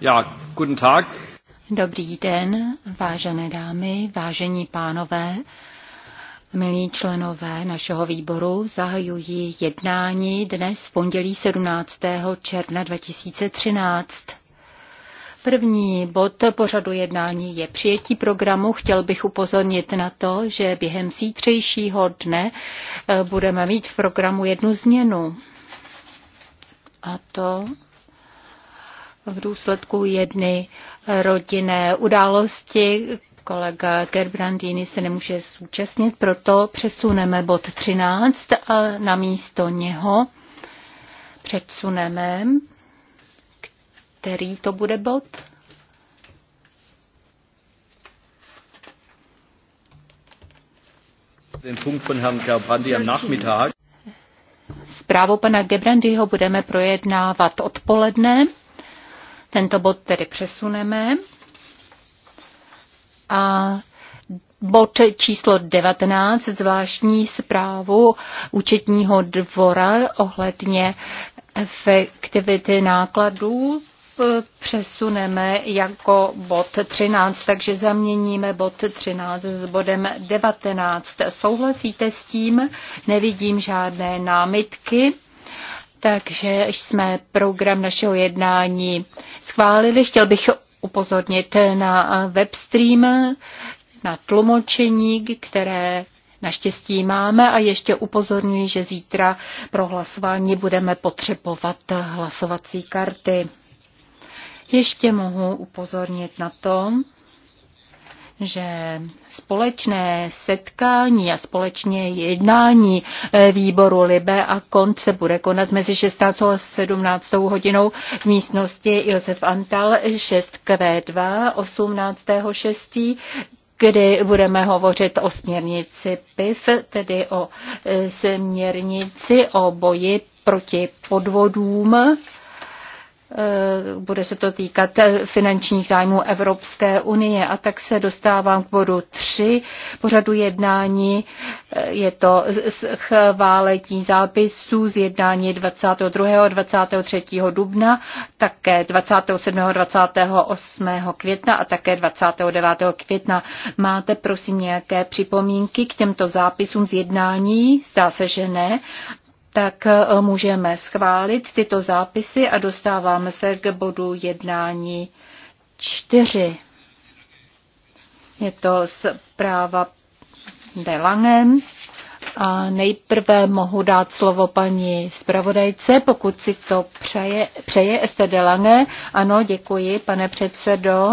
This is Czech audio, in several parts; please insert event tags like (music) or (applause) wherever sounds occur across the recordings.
Ja, guten Tag. Dobrý den, vážené dámy, vážení pánové, milí členové našeho výboru. Zahajují jednání dnes v pondělí 17. června 2013. První bod pořadu jednání je přijetí programu. Chtěl bych upozornit na to, že během zítřejšího dne eh, budeme mít v programu jednu změnu. A to v důsledku jedny rodinné události. Kolega Gerbrandini se nemůže zúčastnit, proto přesuneme bod 13 a na místo něho předsuneme, který to bude bod. von Herrn Zprávu pana Gebrandyho budeme projednávat odpoledne. Tento bod tedy přesuneme. A bod číslo 19, zvláštní zprávu účetního dvora ohledně efektivity nákladů přesuneme jako bod 13, takže zaměníme bod 13 s bodem 19. Souhlasíte s tím? Nevidím žádné námitky. Takže jsme program našeho jednání schválili. Chtěl bych upozornit na webstream, na tlumočení, které naštěstí máme a ještě upozorňuji, že zítra pro hlasování budeme potřebovat hlasovací karty. Ještě mohu upozornit na to, že společné setkání a společně jednání eh, výboru Libe a konce bude konat mezi 16. a 17. hodinou v místnosti Josef Antal 6 k 2 18. 6 kdy budeme hovořit o směrnici PIF, tedy o eh, směrnici o boji proti podvodům Eh, bude se to týkat finančních zájmů Evropské unie. A tak se dostávám k bodu 3 pořadu jednání. Eh, je to schválení zápisů z jednání 22. a 23. dubna, také 27. 28. května a také 29. května. Máte prosím nějaké připomínky k těmto zápisům z jednání? Zdá se, že ne tak eh, můžeme schválit tyto zápisy a dostáváme se k bodu jednání čtyři. Je to zpráva Delangem. A nejprve mohu dát slovo paní zpravodajce, pokud si to přeje, přeje Este Lange. Ano, děkuji, pane předsedo.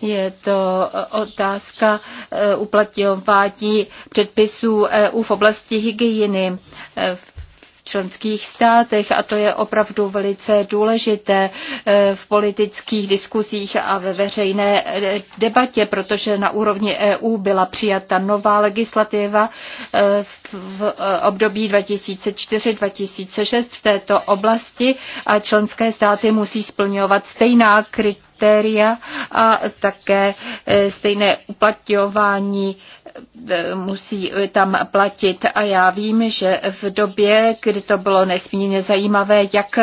Je to eh, otázka eh, uplatňování předpisů EU v oblasti hygieny. V členských státech a to je opravdu velice důležité eh, v politických diskuzích a ve veřejné eh, debatě, protože na úrovni EU byla přijata nová legislativa eh, v období 2004-2006 v této oblasti a členské státy musí splňovat stejná kritéria a také stejné uplatňování musí tam platit. A já vím, že v době, kdy to bylo nesmírně zajímavé, jak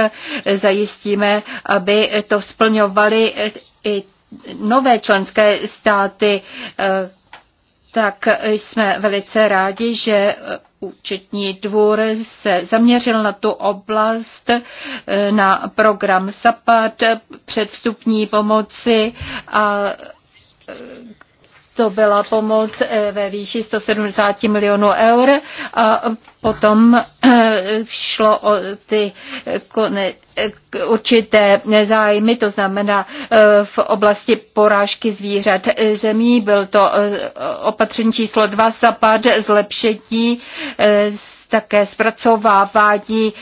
zajistíme, aby to splňovali i nové členské státy, tak jsme velice rádi, že účetní dvůr se zaměřil na tu oblast, na program SAPAD, předvstupní pomoci a to byla pomoc eh, ve výši 170 milionů eur a potom eh, šlo o ty eh, určité zájmy, to znamená v oblasti porážky zvířat zemí. Byl to opatření číslo 2 zapad, zlepšení také zpracovávání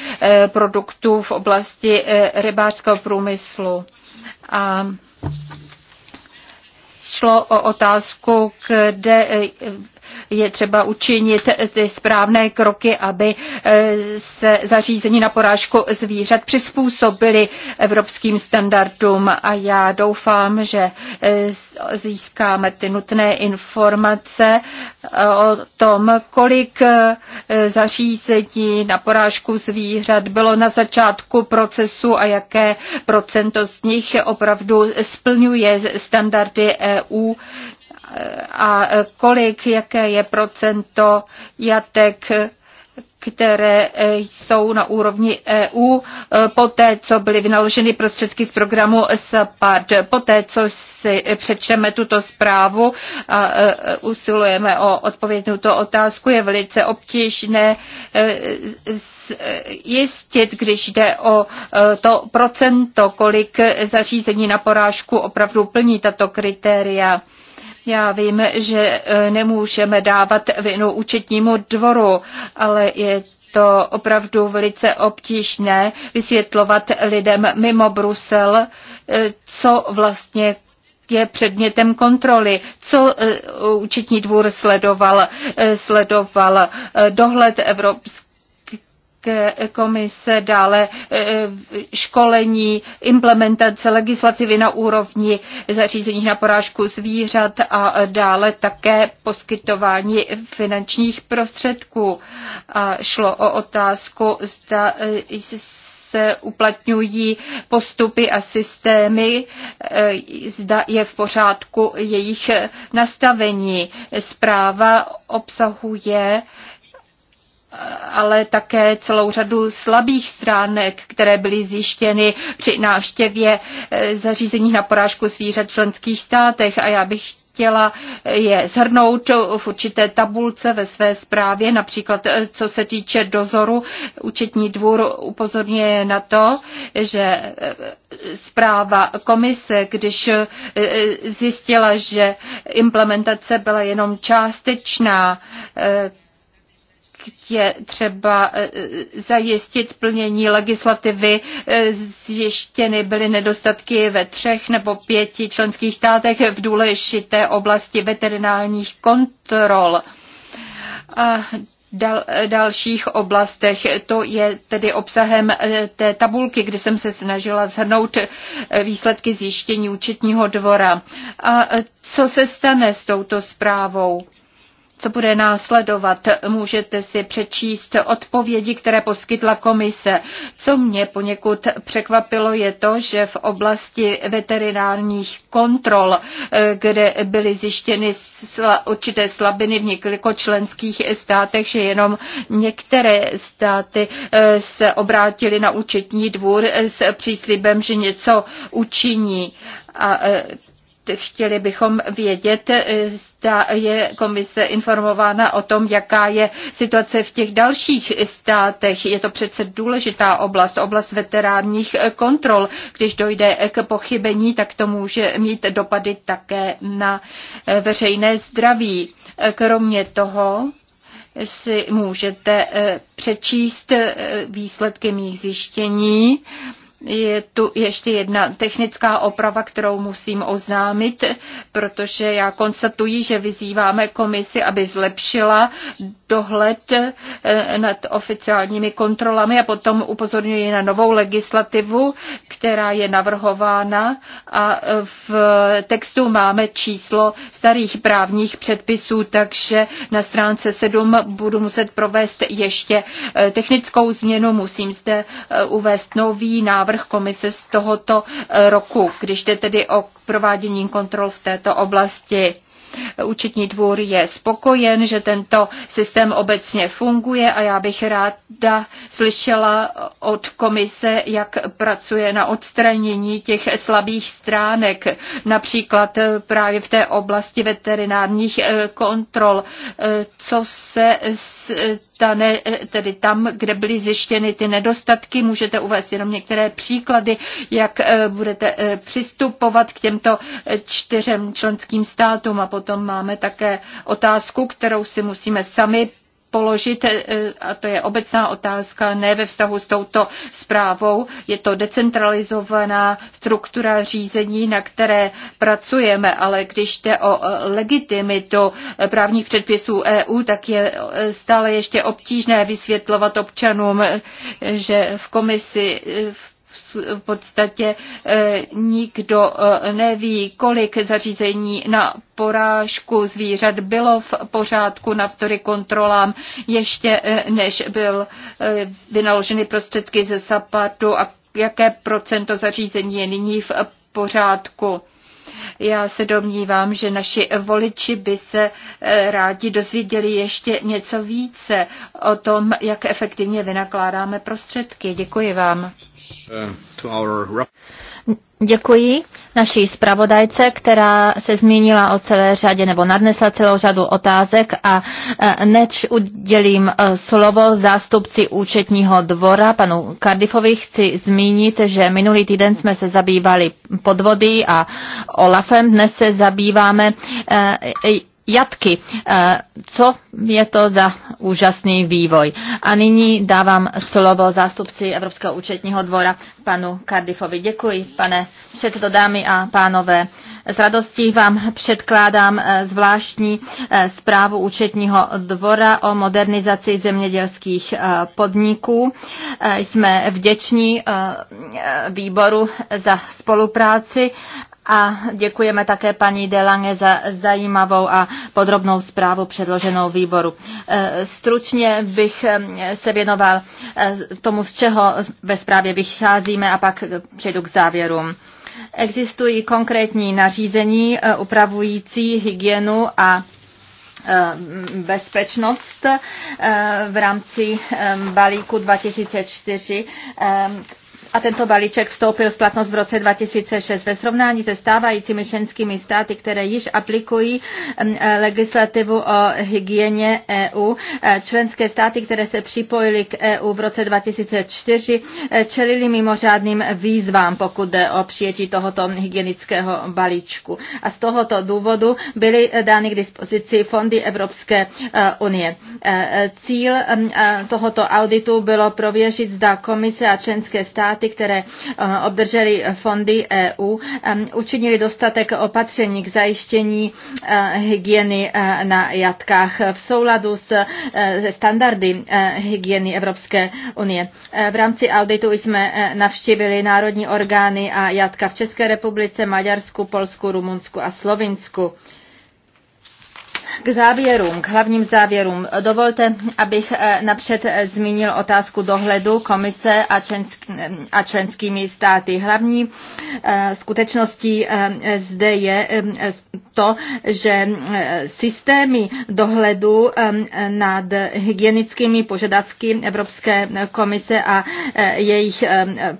produktů v oblasti rybářského průmyslu. A šlo o otázku, kde je třeba učinit ty správné kroky, aby eh, se zařízení na porážku zvířat přizpůsobili evropským standardům a já doufám, že eh, získáme ty nutné informace eh, o tom, kolik zařízení na porážku zvířat bylo na začátku procesu a jaké procento z nich opravdu splňuje standardy EU a kolik, jaké je procento jatek, které jsou na úrovni EU, poté, co byly vynaloženy prostředky z programu SPAD. Poté, co si přečteme tuto zprávu a e, usilujeme o odpověď na tuto otázku, je velice obtížné e, jistit, když jde o e, to procento, kolik zařízení na porážku opravdu plní tato kritéria. Já vím, že e, nemůžeme dávat vinu účetnímu dvoru, ale je to opravdu velice obtížné vysvětlovat lidem mimo Brusel, e, co vlastně je předmětem kontroly. Co e, účetní dvůr sledoval? Sledoval dohled Evropské komise, dále e, školení, implementace legislativy na úrovni zařízení na porážku zvířat a dále také poskytování finančních prostředků. A šlo o otázku, zda e, se uplatňují postupy a systémy, e, zda je v pořádku jejich nastavení. Zpráva obsahuje ale také celou řadu slabých stránek, které byly zjištěny při návštěvě eh, zařízení na porážku zvířat v členských státech. A já bych chtěla je zhrnout v určité tabulce ve své zprávě, například eh, co se týče dozoru. Účetní dvůr upozorňuje na to, že eh, zpráva komise, když zjistila, že implementace byla jenom částečná, je třeba e, e, zajistit plnění legislativy. E, zjištěny byly nedostatky ve třech nebo pěti členských státech v důležité oblasti veterinálních kontrol. A dal, dalších oblastech. To je tedy obsahem té tabulky, kde jsem se snažila zhrnout výsledky zjištění účetního dvora. A co se stane s touto zprávou? co bude následovat. Můžete si přečíst odpovědi, které poskytla komise. Co mě poněkud překvapilo, je to, že v oblasti veterinárních kontrol, kde byly zjištěny určité slabiny v několika členských státech, že jenom některé státy eh, se obrátily na účetní dvůr s příslibem, že něco učiní. A eh, chtěli bychom vědět, eh, zda je komise informována o tom, jaká je situace v těch dalších státech. Je to přece důležitá oblast, oblast veterárních eh, kontrol. Když dojde eh, k pochybení, tak to může mít dopady také na veřejné zdraví. Kromě toho si můžete přečíst výsledky mých zjištění je tu ještě jedna technická oprava, kterou musím oznámit, protože já konstatuji, že vyzýváme komisi, aby zlepšila dohled eh, nad oficiálními kontrolami a potom upozorňuji na novou legislativu, která je navrhována a v textu máme číslo starých právních předpisů, takže na stránce 7 budu muset provést ještě eh, technickou změnu, musím zde eh, uvést nový návrh návrh komise z tohoto eh, roku, když jde tedy o provádění kontrol v této oblasti. Účetní dvůr je spokojen, že tento systém obecně funguje a já bych ráda slyšela od komise, jak pracuje na odstranění těch slabých stránek, například eh, právě v té oblasti veterinárních eh, kontrol. Co se s zůstane tedy tam, kde byly zjištěny ty nedostatky. Můžete uvést jenom některé příklady, jak eh, budete eh, přistupovat k těmto eh, čtyřem členským státům. A potom máme také otázku, kterou si musíme sami položit, eh, a to je obecná otázka, ne ve vztahu s touto zprávou. Je to decentralizovaná struktura řízení, na které pracujeme, ale když jde o eh, legitimitu eh, právních předpisů EU, tak je stále ještě obtížné vysvětlovat občanům, že v komisi v v podstatě eh, nikdo eh, neví, kolik zařízení na porážku zvířat bylo v pořádku navzdory kontrolám, ještě eh, než byl vynaloženy prostředky ze SAPATu a jaké procento zařízení je nyní v pořádku. Já se domnívám, že naši voliči by se eh, rádi dozvěděli ještě něco více o tom, jak efektivně vynakládáme prostředky. Děkuji vám. Uh, Děkuji naší zpravodajce, která se zmínila o celé řadě nebo nadnesla celou řadu otázek a e, než udělím e, slovo zástupci účetního dvora panu Cardiffovi, chci zmínit, že minulý týden jsme se zabývali podvody a Olafem, dnes se zabýváme e, jatky. Co je to za úžasný vývoj. A nyní dávám slovo zástupci Evropského účetního dvora panu Cardiffovi. Děkuji, pane předsedo, dámy a pánové. S radostí vám předkládám eh, zvláštní eh, zprávu účetního dvora o modernizaci zemědělských eh, podniků. Jsme vděční výboru za spolupráci a děkujeme také paní Delange za zajímavou a podrobnou zprávu předloženou výboru. E, stručně bych e, se věnoval e, tomu, z čeho ve zprávě vycházíme a pak přejdu k závěru. Existují konkrétní nařízení upravující hygienu a bezpečnost v rámci balíku 2004, a tento balíček vstoupil v platnost v roce 2006. Ve srovnání se stávajícími členskými státy, které již aplikují mm, eh, legislativu o hygieně EU, eh, členské státy, které se připojily k EU v roce 2004, eh, čelili mimořádným výzvám, pokud jde o přijetí tohoto hygienického balíčku. A z tohoto důvodu byly dány k dispozici fondy Evropské unie. Cíl mm, tohoto auditu bylo prověřit, zda komise a členské státy státy, které eh, obdržely fondy EU, eh, učinili dostatek opatření k zajištění eh, hygieny na jatkách v souladu s standardy hygieny Evropské unie. V rámci auditu jsme navštívili národní orgány a jatka v České republice, Maďarsku, Polsku, Rumunsku a Slovinsku. K závěrům, k hlavním závěrům. Dovolte, abych eh, napřed eh, zmínil otázku dohledu komise a, člensk, mm, a členskými státy. Hlavní eh, skutečností zde je to, že systémy dohledu nad hygienickými požadavky Evropské komise a jejich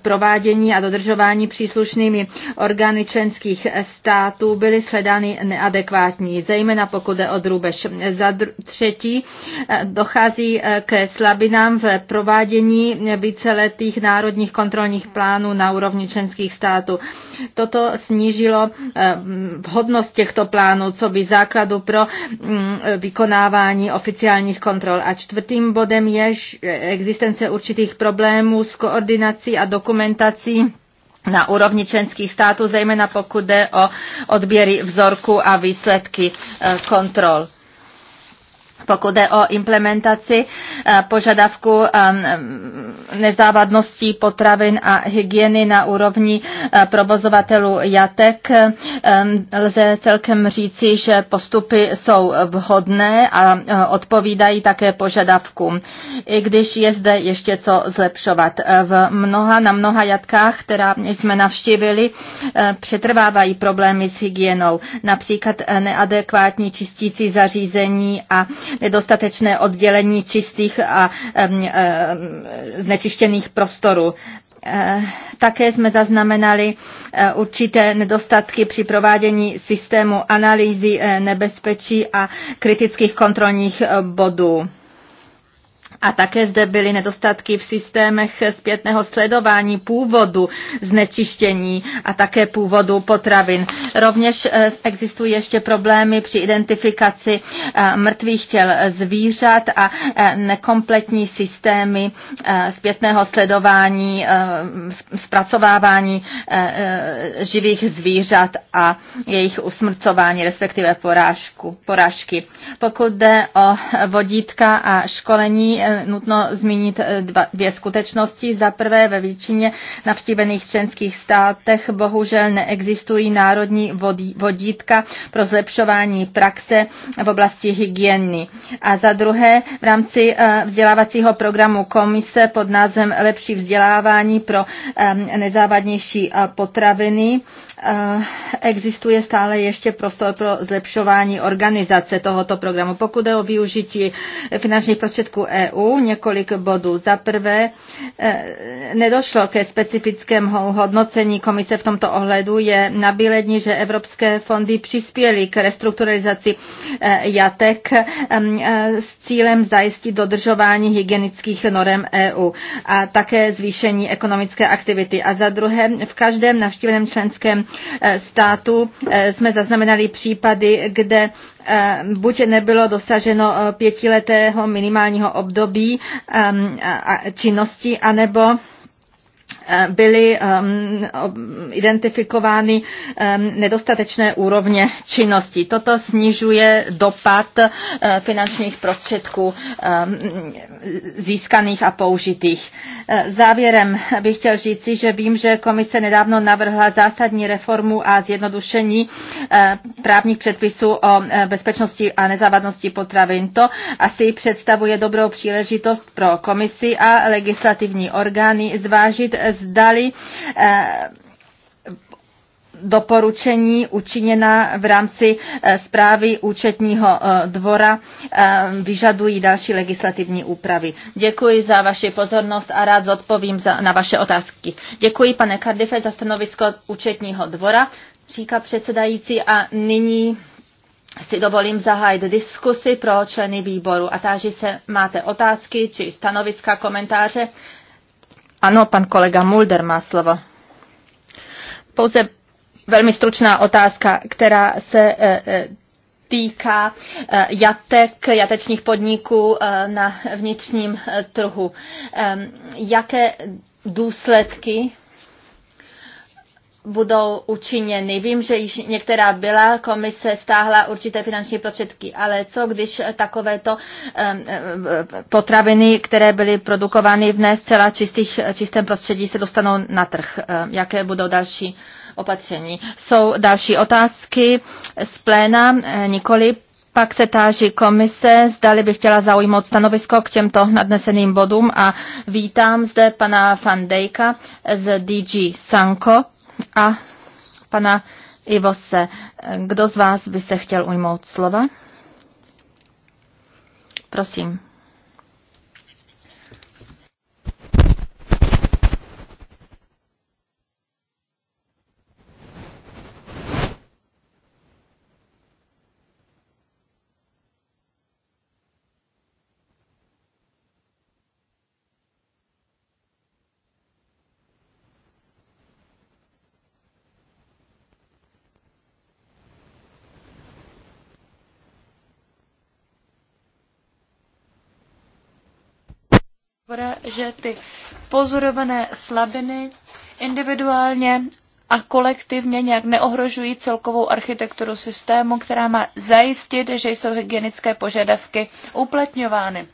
provádění a dodržování příslušnými orgány členských států byly sledány neadekvátní, zejména pokud jde o drůbež. Za dr- třetí eh, dochází eh, ke slabinám v provádění víceletých národních kontrolních plánů na úrovni členských států. Toto snížilo eh, vhodnost těchto plánů, co by základu pro mm, vykonávání oficiálních kontrol. A čtvrtým bodem je existence určitých problémů s koordinací a dokumentací na úrovni členských států, zejména pokud jde o odběry vzorku a výsledky eh, kontrol pokud jde o implementaci eh, požadavku eh, nezávadností potravin a hygieny na úrovni eh, provozovatelů jatek, lze celkem říci, že postupy jsou vhodné a odpovídají také požadavkům, i když je zde ještě co zlepšovat. V mnoha, na mnoha jatkách, která jsme navštívili, přetrvávají problémy s hygienou, například neadekvátní čistící zařízení a nedostatečné oddělení čistých a znečištěných prostorů. Eh, také jsme zaznamenali eh, určité nedostatky při provádění systému analýzy eh, nebezpečí a kritických kontrolních bodů. A také zde byly nedostatky v systémech zpětného sledování původu znečištění a také původu potravin. Rovněž eh, existují ještě problémy při identifikaci eh, mrtvých těl zvířat a eh, nekompletní systémy zpětného sledování, zpracovávání živých zvířat a jejich usmrcování, respektive porážku, porážky. Pokud jde o vodítka a školení, je eh, nutno zmínit eh, dva, dvě skutečnosti. Za prvé ve většině navštívených členských státech bohužel neexistují národní vodí, vodítka pro zlepšování praxe v oblasti hygieny. A za druhé v rámci eh, vzdělávacího programu komise pod názvem Lepší vzdělávání pro nezávadnější potraviny existuje stále ještě prostor pro zlepšování organizace tohoto programu. Pokud je o využití finančních prostředků EU, EU, několik bodů. Za prvé, e, nedošlo ke specifickému hodnocení komise v tomto ohledu. Je nabílení, že evropské fondy přispěly k restrukturalizaci e, jatek e, s cílem zajistit dodržování hygienických norem EU a také zvýšení ekonomické aktivity. A za druhé, v každém navštíveném členském státu jsme zaznamenali případy, kde Eh, buď nebylo dosaženo eh, pětiletého minimálního období eh, činnosti, anebo Eh, byly eh, identifikovány eh, nedostatečné úrovně činnosti. Toto snižuje dopad finančních prostředků získaných a použitých. Závěrem bych chtěl říci, že vím, že komise nedávno navrhla zásadní reformu a zjednodušení právních předpisů o bezpečnosti a nezávadnosti potravin. To asi představuje dobrou příležitost pro komisi a legislativní orgány zvážit, zdali eh, doporučení učiněna v rámci eh, zprávy účetního eh, dvora vyžadují další legislativní úpravy. Děkuji za vaši pozornost a rád zodpovím za, na vaše otázky. Děkuji, pane Cardiffe, za stanovisko účetního dvora, říká předsedající a nyní si dovolím zahájit diskusi pro členy výboru a táži se, máte otázky či stanoviska, komentáře. Ano, pan kolega Mulder má slovo. Pouze velmi stručná otázka, která se e, e, týká e, jatek, jatečních podniků na vnitřním trhu. Jaké důsledky budou učiněny. Vím, že již některá byla, komise stáhla určité finanční prostředky, ale co když takovéto potraviny, které byly produkovány v ne zcela čistých, čistém prostředí, se dostanou na trh? Jaké budou další opatření? Jsou další otázky z pléna, e, nikoli pak se táží komise, zdali by chtěla zaujmout stanovisko k těmto nadneseným bodům a vítám zde pana Fandejka z DG Sanko a pana Ivose. Kdo z vás by se chtěl ujmout slova? Prosím. podpora, že ty pozorované slabiny individuálně a kolektivně nějak neohrožují celkovou architekturu systému, která má zajistit, že jsou hygienické požadavky uplatňovány.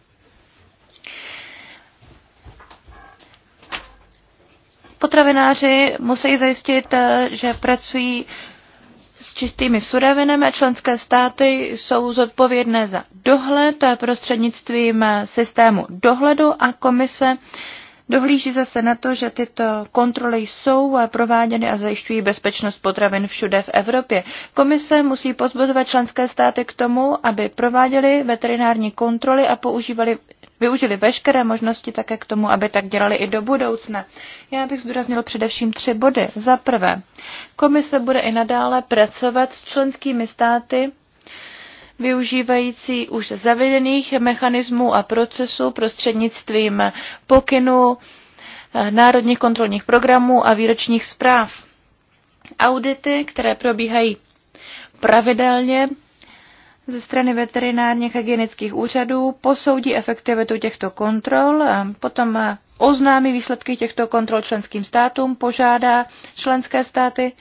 Potravináři musí zajistit, že pracují s čistými surovinami a členské státy jsou zodpovědné za dohled eh, prostřednictvím eh, systému dohledu a komise dohlíží zase na to, že tyto kontroly jsou eh, prováděny a zajišťují bezpečnost potravin všude v Evropě. Komise musí pozbudovat členské státy k tomu, aby prováděly veterinární kontroly a používali využili veškeré možnosti také k tomu, aby tak dělali i do budoucna. Já bych zdůraznil především tři body. Za prvé, komise bude i nadále pracovat s členskými státy využívající už zavedených mechanismů a procesů prostřednictvím pokynu eh, národních kontrolních programů a výročních zpráv. Audity, které probíhají pravidelně, ze strany veterinárních hygienických úřadů, posoudí efektivitu těchto kontrol, potom oznámí výsledky těchto kontrol členským státům, požádá členské státy,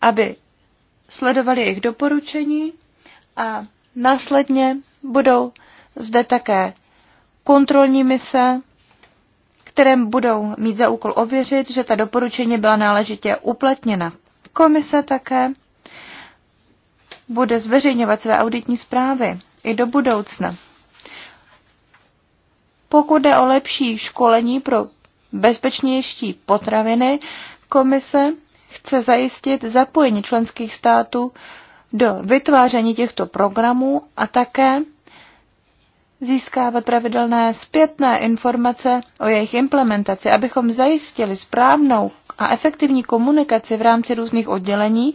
aby sledovali jejich doporučení a následně budou zde také kontrolní mise, kterém budou mít za úkol ověřit, že ta doporučení byla náležitě uplatněna. Komise také bude zveřejňovat své auditní zprávy i do budoucna. Pokud jde o lepší školení pro bezpečnější potraviny, komise chce zajistit zapojení členských států do vytváření těchto programů a také získávat pravidelné zpětné informace o jejich implementaci, abychom zajistili správnou a efektivní komunikaci v rámci různých oddělení,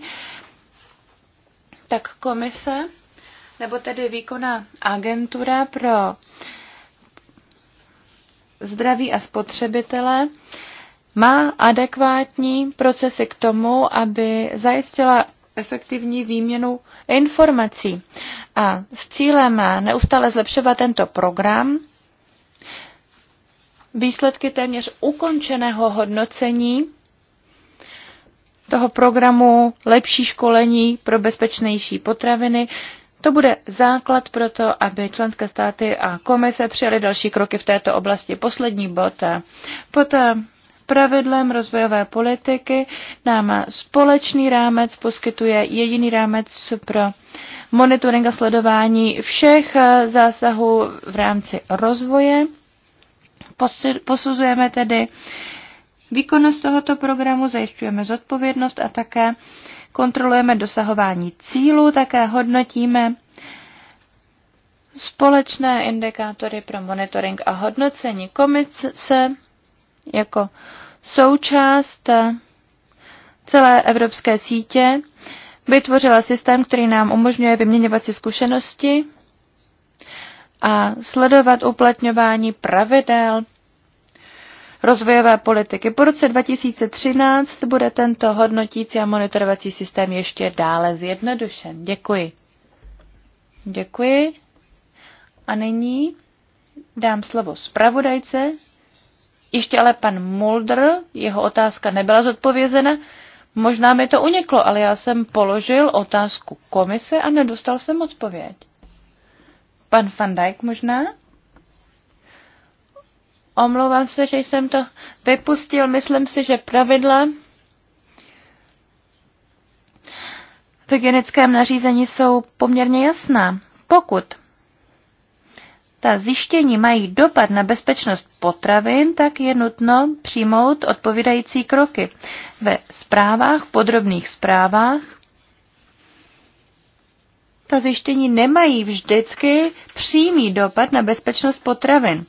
tak komise, nebo tedy výkonná agentura pro zdraví a spotřebitele, má adekvátní procesy k tomu, aby zajistila efektivní výměnu informací. A s cílem neustále zlepšovat tento program, výsledky téměř ukončeného hodnocení toho programu, lepší školení pro bezpečnější potraviny. To bude základ pro to, aby členské státy a komise přijaly další kroky v této oblasti. Poslední bod. Pod pravidlem rozvojové politiky nám společný rámec poskytuje jediný rámec pro monitoring a sledování všech zásahů v rámci rozvoje. Posuzujeme tedy Výkonnost tohoto programu zajišťujeme zodpovědnost a také kontrolujeme dosahování cílů, také hodnotíme společné indikátory pro monitoring a hodnocení komise jako součást celé evropské sítě vytvořila systém, který nám umožňuje vyměňovat si zkušenosti a sledovat uplatňování pravidel rozvojové politiky. Po roce 2013 bude tento hodnotící a monitorovací systém ještě dále zjednodušen. Děkuji. Děkuji. A nyní dám slovo zpravodajce. Ještě ale pan Mulder, jeho otázka nebyla zodpovězena. Možná mi to uniklo, ale já jsem položil otázku komise a nedostal jsem odpověď. Pan Van Dijk možná? Omlouvám se, že jsem to vypustil. Myslím si, že pravidla v hygienickém nařízení jsou poměrně jasná. Pokud ta zjištění mají dopad na bezpečnost potravin, tak je nutno přijmout odpovídající kroky. Ve zprávách, podrobných zprávách, ta zjištění nemají vždycky přímý dopad na bezpečnost potravin.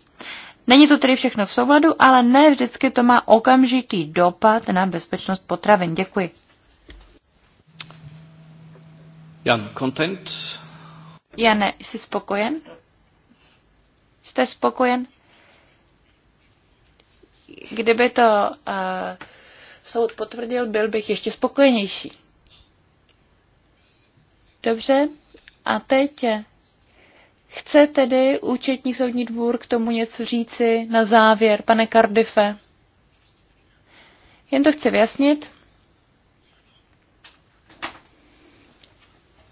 Není to tedy všechno v souladu, ale ne vždycky to má okamžitý dopad na bezpečnost potravin. Děkuji. Jan, content? Jane, jsi spokojen? Jste spokojen? Kdyby to uh, soud potvrdil, byl bych ještě spokojenější. Dobře, a teď eh, Chce tedy účetní soudní dvůr k tomu něco říci na závěr, pane Cardiffe? Jen to chci vyjasnit.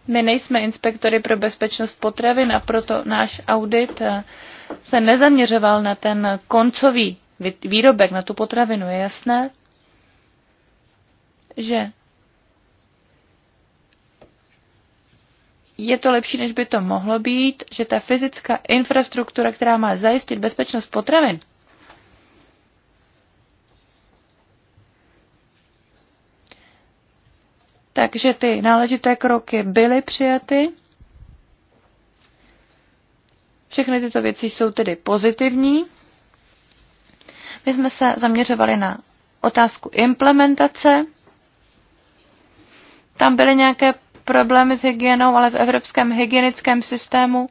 My nejsme inspektory pro bezpečnost potravin a proto náš audit eh, se nezaměřoval na ten koncový výrobek, na tu potravinu. Je jasné, že je to lepší, než by to mohlo být, že ta fyzická infrastruktura, která má zajistit bezpečnost potravin, Takže ty náležité kroky byly přijaty. Všechny tyto věci jsou tedy pozitivní. My jsme se zaměřovali na otázku implementace. Tam byly nějaké problémy s hygienou, ale v evropském hygienickém systému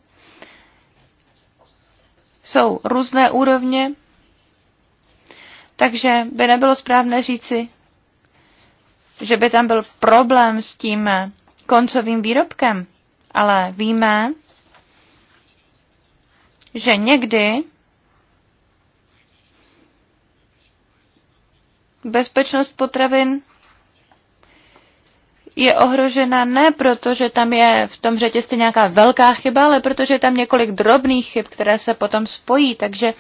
jsou různé úrovně, takže by nebylo správné říci, že by tam byl problém s tím koncovým výrobkem, ale víme, že někdy bezpečnost potravin je ohrožena ne proto, že tam je v tom řetězci nějaká velká chyba, ale protože je tam několik drobných chyb, které se potom spojí. Takže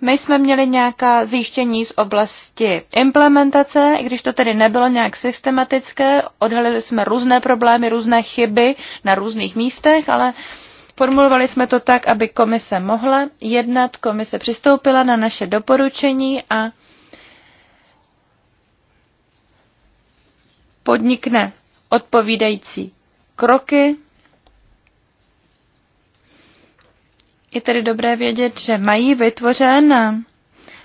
my jsme měli nějaká zjištění z oblasti implementace, i když to tedy nebylo nějak systematické, odhalili jsme různé problémy, různé chyby na různých místech, ale Formulovali jsme to tak, aby komise mohla jednat, komise přistoupila na naše doporučení a podnikne odpovídající kroky. Je tedy dobré vědět, že mají vytvořen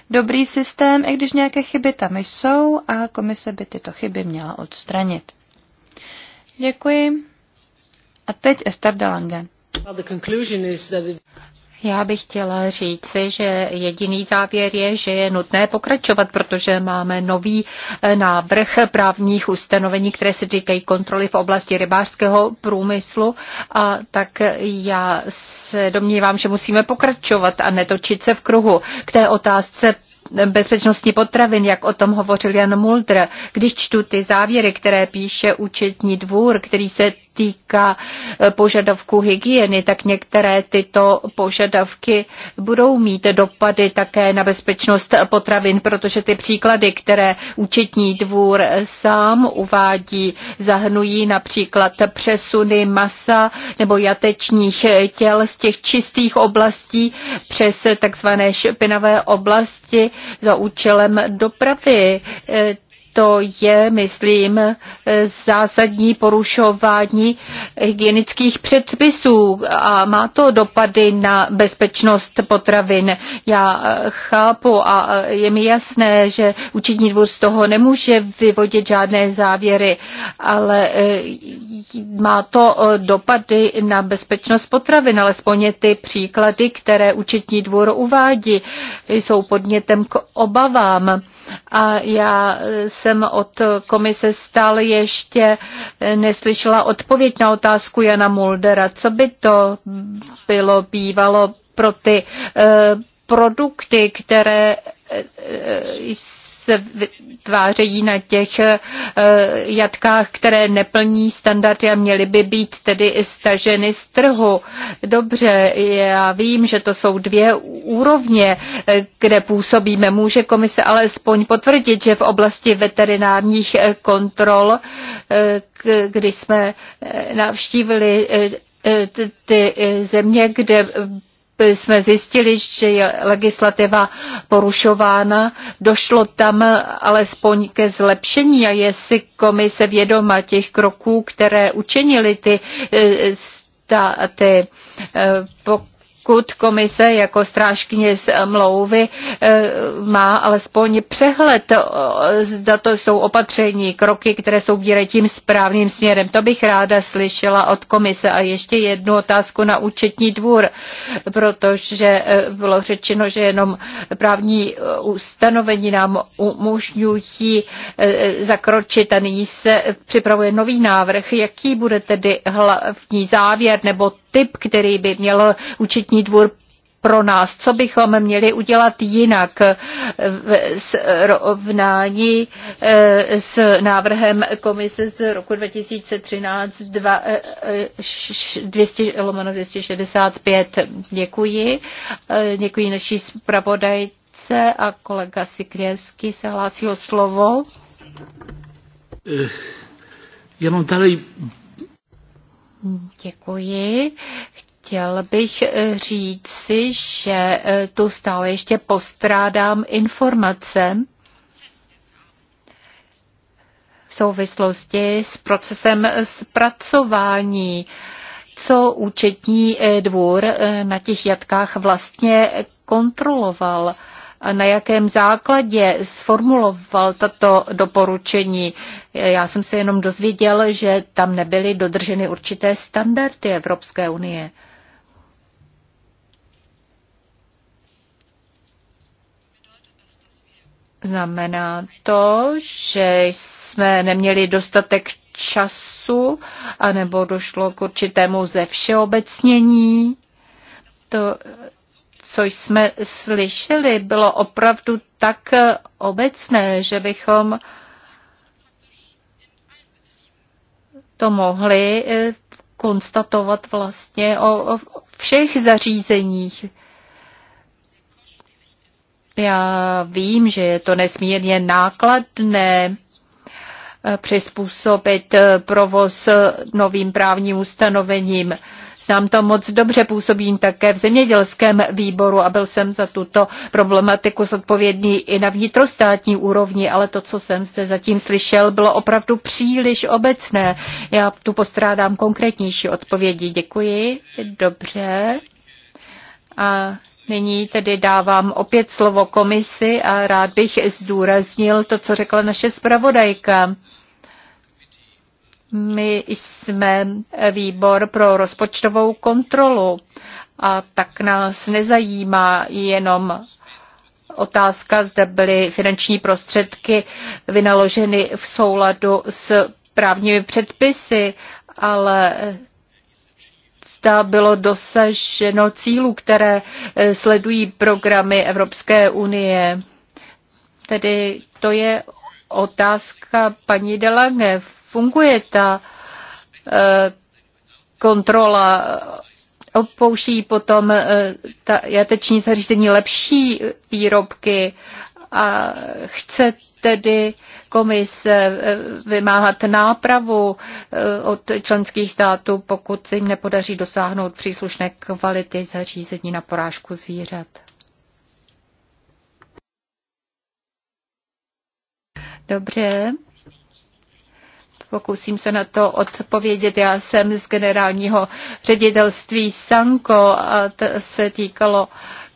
dobrý systém, i když nějaké chyby tam jsou a komise by tyto chyby měla odstranit. Děkuji. A teď Esther Delange. Já bych chtěla říci, že jediný závěr je, že je nutné pokračovat, protože máme nový eh, návrh právních ustanovení, které se týkají kontroly v oblasti rybářského průmyslu. A tak já se domnívám, že musíme pokračovat a netočit se v kruhu. K té otázce bezpečnosti potravin, jak o tom hovořil Jan Mulder. Když čtu ty závěry, které píše účetní dvůr, který se týká eh, požadavků hygieny, tak některé tyto požadavky budou mít dopady také na bezpečnost potravin, protože ty příklady, které účetní dvůr sám uvádí, zahrnují například přesuny masa nebo jatečních těl z těch čistých oblastí přes takzvané špinavé oblasti za účelem dopravy. Eh, to je, myslím, zásadní porušování hygienických předpisů a má to dopady na bezpečnost potravin. Já chápu a je mi jasné, že účetní dvůr z toho nemůže vyvodit žádné závěry, ale eh, má to eh, dopady na bezpečnost potravin, alespoň ty příklady, které účetní dvůr uvádí, jsou podnětem k obavám a já jsem od komise stále ještě neslyšela odpověď na otázku Jana Muldera. Co by to bylo bývalo pro ty eh, produkty, které eh, vytvářejí na těch eh, jatkách, které neplní standardy a měly by být tedy staženy z trhu. Dobře, já vím, že to jsou dvě úrovně, eh, kde působíme. Může komise alespoň potvrdit, že v oblasti veterinárních eh, kontrol, kdy jsme navštívili ty země, kde jsme zjistili, že je legislativa porušována. Došlo tam alespoň ke zlepšení a je si komise vědoma těch kroků, které učinili ty eh, státy. Eh, pok- pokud komise jako strážkyně smlouvy eh, má alespoň přehled, eh, zda to jsou opatření, kroky, které jsou bíre tím správným směrem. To bych ráda slyšela od komise. A ještě jednu otázku na účetní dvůr, protože eh, bylo řečeno, že jenom právní ustanovení nám umožňují zakročit a nyní se připravuje nový návrh. Jaký bude tedy hlavní závěr nebo tip, který by měl účetní dvůr pro nás, co bychom měli udělat jinak v srovnání eh, s návrhem komise z roku 2013 200, 265. Děkuji. Eh, děkuji naší zpravodajce a kolega Sikrievský se hlásí o slovo. Eh, já mám tady Děkuji. Chtěl bych eh, říct si, že eh, tu stále ještě postrádám informace v souvislosti s procesem zpracování, eh, co účetní dvůr na těch jatkách vlastně kontroloval na jakém základě sformuloval tato doporučení. Já jsem se jenom dozvěděl, že tam nebyly dodrženy určité standardy Evropské unie. Znamená to, že jsme neměli dostatek času, anebo došlo k určitému zevšeobecnění. To co jsme slyšeli, bylo opravdu tak eh, obecné, že bychom to mohli eh, konstatovat vlastně o, všech zařízeních. Já vím, že je to nesmírně nákladné eh, přizpůsobit provoz novým právním ustanovením. Nám to moc dobře působí také v zemědělském výboru a byl jsem za tuto problematiku zodpovědný i na vnitrostátní úrovni, ale to, co jsem se zatím slyšel, bylo opravdu příliš obecné. Já tu postrádám konkrétnější odpovědi. Děkuji. Dobře. A Nyní tedy dávám opět slovo komisi a rád bych zdůraznil to, co řekla naše zpravodajka. My jsme výbor pro rozpočtovou kontrolu a tak nás nezajímá jenom otázka, zda byly finanční prostředky vynaloženy v souladu s právními předpisy, ale zda bylo dosaženo cílů, které sledují programy Evropské unie. Tedy to je otázka paní Delangev funguje ta eh, kontrola. Opouští potom eh, ta jateční zařízení lepší výrobky a chce tedy komise eh, vymáhat nápravu od členských států, pokud se jim nepodaří dosáhnout příslušné kvality zařízení na porážku zvířat. Dobře, Pokusím se na to odpovědět. Já jsem z generálního ředitelství Sanko a to se týkalo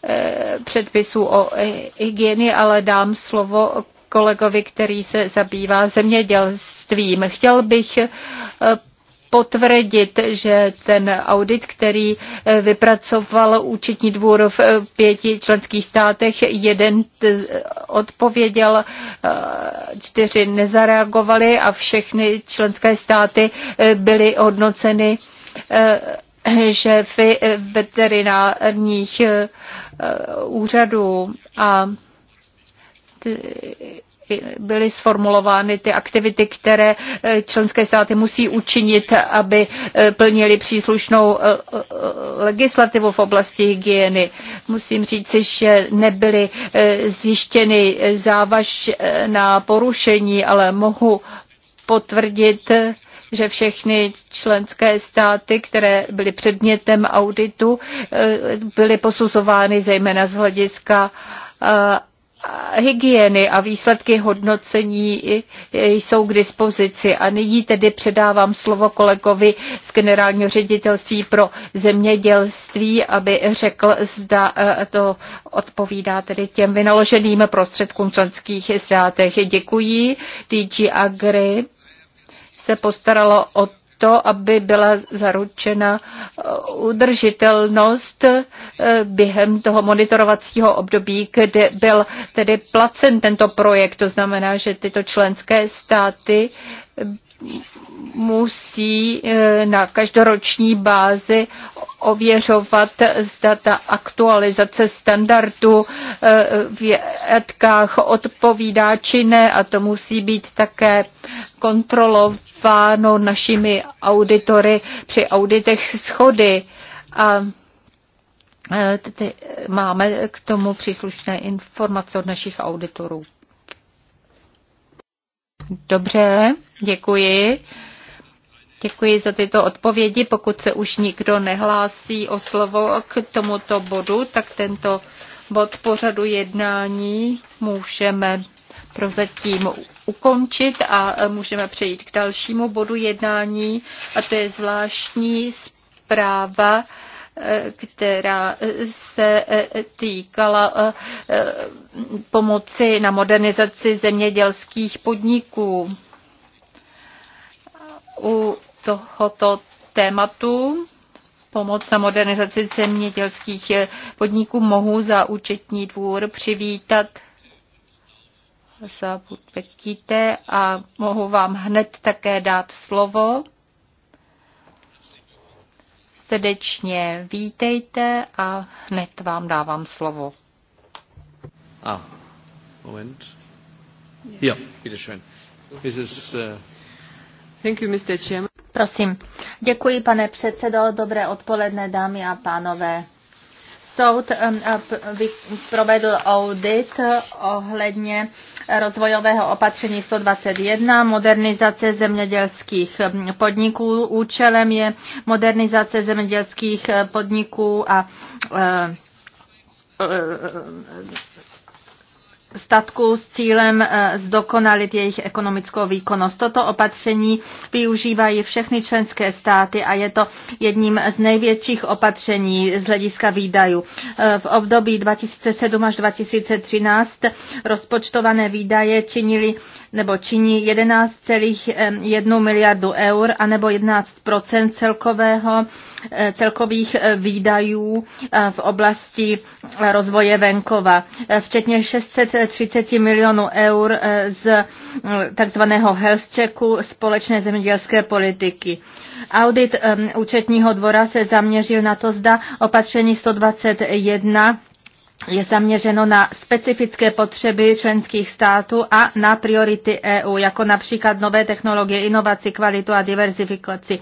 eh, předpisů o hygieně, ale dám slovo kolegovi, který se zabývá zemědělstvím. Chtěl bych eh, potvrdit, že ten audit, který eh, vypracoval účetní dvůr v eh, pěti členských státech, jeden odpověděl, eh, čtyři nezareagovali a všechny členské státy byly hodnoceny šéfy veterinárních úřadů a byly sformulovány ty aktivity, které e, členské státy musí učinit, aby e, plnili příslušnou e, legislativu v oblasti hygieny. Musím říci, že nebyly zjištěny na porušení, ale mohu potvrdit, že všechny členské státy, které byly předmětem auditu, byly posuzovány zejména z hlediska hygieny a výsledky hodnocení jsou k dispozici. A nyní tedy předávám slovo kolegovi z Generálního ředitelství pro zemědělství, aby řekl, zda e, to odpovídá tedy těm vynaloženým prostředkům členských státech. Děkuji. DG Agri se postaralo o to, aby byla zaručena eh, udržitelnost eh, během toho monitorovacího období, kde byl tedy placen tento projekt. To znamená, že tyto členské státy eh, musí na každoroční bázi ověřovat, zda ta aktualizace standardu v etkách odpovídá či ne a to musí být také kontrolovat sledováno našimi auditory při auditech schody a e, máme k tomu příslušné informace od našich auditorů. Dobře, děkuji. Děkuji za tyto odpovědi. Pokud se už nikdo nehlásí o slovo k tomuto bodu, tak tento bod pořadu jednání můžeme prozatím ukončit a můžeme přejít k dalšímu bodu jednání a to je zvláštní zpráva, která se týkala eh, pomoci na modernizaci zemědělských podniků. U tohoto tématu pomoc a modernizaci zemědělských podniků mohu za účetní dvůr přivítat Saputpekíte a mohu vám hned také dát slovo. Srdečně vítejte a hned vám dávám slovo. A, ah, moment. Jo, bitteschön. uh... Thank you, Mr. Chairman. Prosím. Děkuji, pane předsedo. Dobré odpoledne, dámy a pánové soud eh, eh, provedl audit ohledně rozvojového opatření 121, modernizace zemědělských eh, podniků. Účelem je modernizace zemědělských podniků a statku s cílem eh, zdokonalit jejich ekonomickou výkonnost. Toto opatření využívají všechny členské státy a je to jedním z největších opatření z hlediska výdajů. Eh, v období 2007 až 2013 rozpočtované výdaje činili nebo činí 11,1 miliardu eur a nebo 11 celkového, eh, celkových výdajů v oblasti rozvoje venkova, včetně 600 30 milionů eur eh, z eh, takzvaného health checku společné zemědělské politiky. Audit účetního dvora se zaměřil na to, zda opatření 121 je zaměřeno na specifické potřeby členských států a na priority EU, jako například nové technologie, inovaci, kvalitu a diverzifikaci.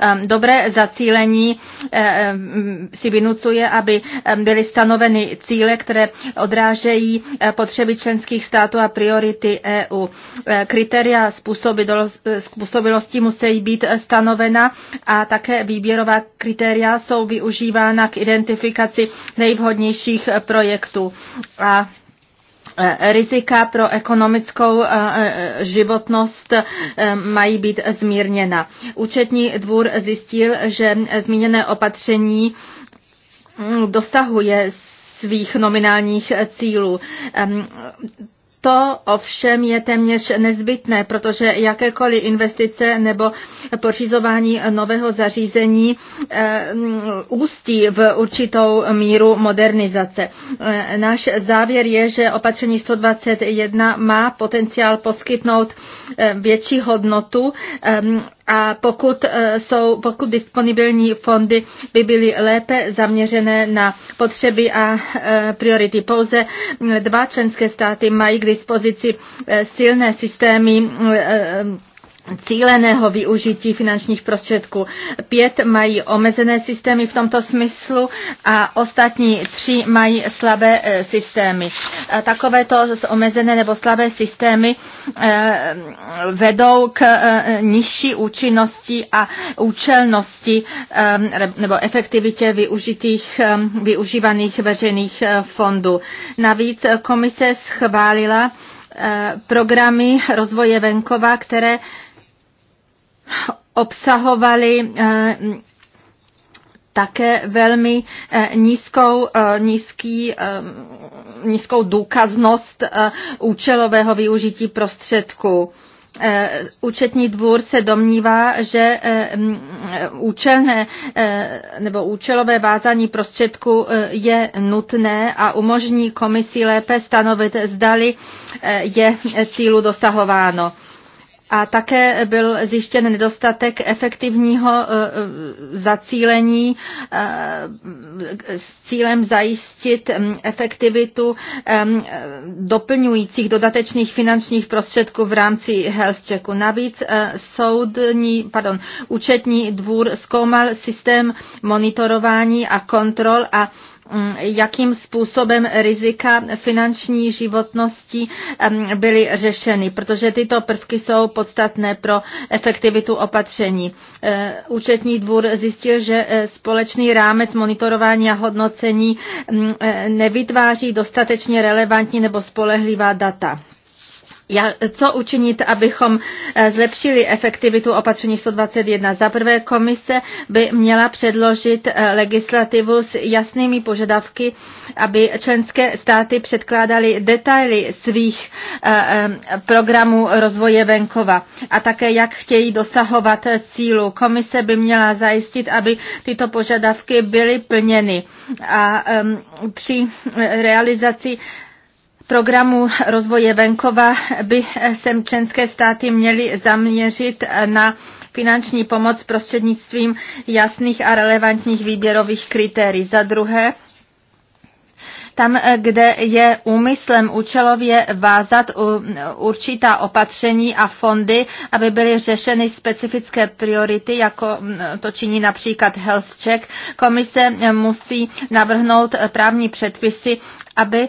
Ehm, dobré zacílení eh, ehm, si vynucuje, aby ehm, byly stanoveny cíle, které odrážejí eh, potřeby členských států a priority EU. Eh, kritéria způsobilosti musí být stanovena a také výběrová kritéria jsou využívána k identifikaci nejvhodnějších projektů projektu a e, rizika pro ekonomickou e, e, životnost mají být zmírněna. Účetní dvůr zjistil, že zmíněné opatření dosahuje svých nominálních cílů. To ovšem je téměř nezbytné, protože jakékoliv investice nebo pořizování nového zařízení eh, ústí v určitou míru modernizace. Eh, náš závěr je, že opatření 121 má potenciál poskytnout eh, větší hodnotu a pokud, eh, jsou, pokud disponibilní fondy by byly lépe zaměřené na potřeby a eh, priority. Pouze mm, dva členské státy mají k dispozici eh, silné systémy cíleného využití finančních prostředků. Pět mají omezené systémy v tomto smyslu a ostatní tři mají slabé e, systémy. E, takovéto omezené nebo slabé systémy e, vedou k nižší účinnosti a účelnosti nebo efektivitě využitých, využívaných veřejných fondů. Navíc komise schválila programy rozvoje venkova, které obsahovaly eh, také velmi eh, nízkou, eh, nízký, nízkou důkaznost účelového využití prostředků. Účetní dvůr se domnívá, že účelné nebo účelové vázání prostředku je nutné a umožní komisi lépe stanovit, zdali je cílu dosahováno. A také byl zjištěn nedostatek efektivního e, e, zacílení e, s cílem zajistit efektivitu doplňujících dodatečných finančních prostředků v rámci health checku. Navíc soudní, pardon, účetní dvůr zkoumal systém monitorování a kontrol a Mm, jakým způsobem rizika finanční životnosti mm, byly řešeny, protože tyto prvky jsou podstatné pro efektivitu opatření. E, účetní dvůr zjistil, že e, společný rámec monitorování a hodnocení mm, e, nevytváří dostatečně relevantní nebo spolehlivá data co učinit, abychom eh, zlepšili efektivitu opatření 121? Za prvé, komise by měla předložit eh, legislativu s jasnými požadavky, aby členské státy předkládaly detaily svých eh, programů rozvoje venkova a také jak chtějí dosahovat cílu. Komise by měla zajistit, aby tyto požadavky byly plněny a při realizaci programu rozvoje venkova by se členské státy měly zaměřit na finanční pomoc prostřednictvím jasných a relevantních výběrových kritérií. Za druhé, tam, kde je úmyslem účelově vázat určitá opatření a fondy, aby byly řešeny specifické priority, jako to činí například Health Check. Komise musí navrhnout právní předpisy, aby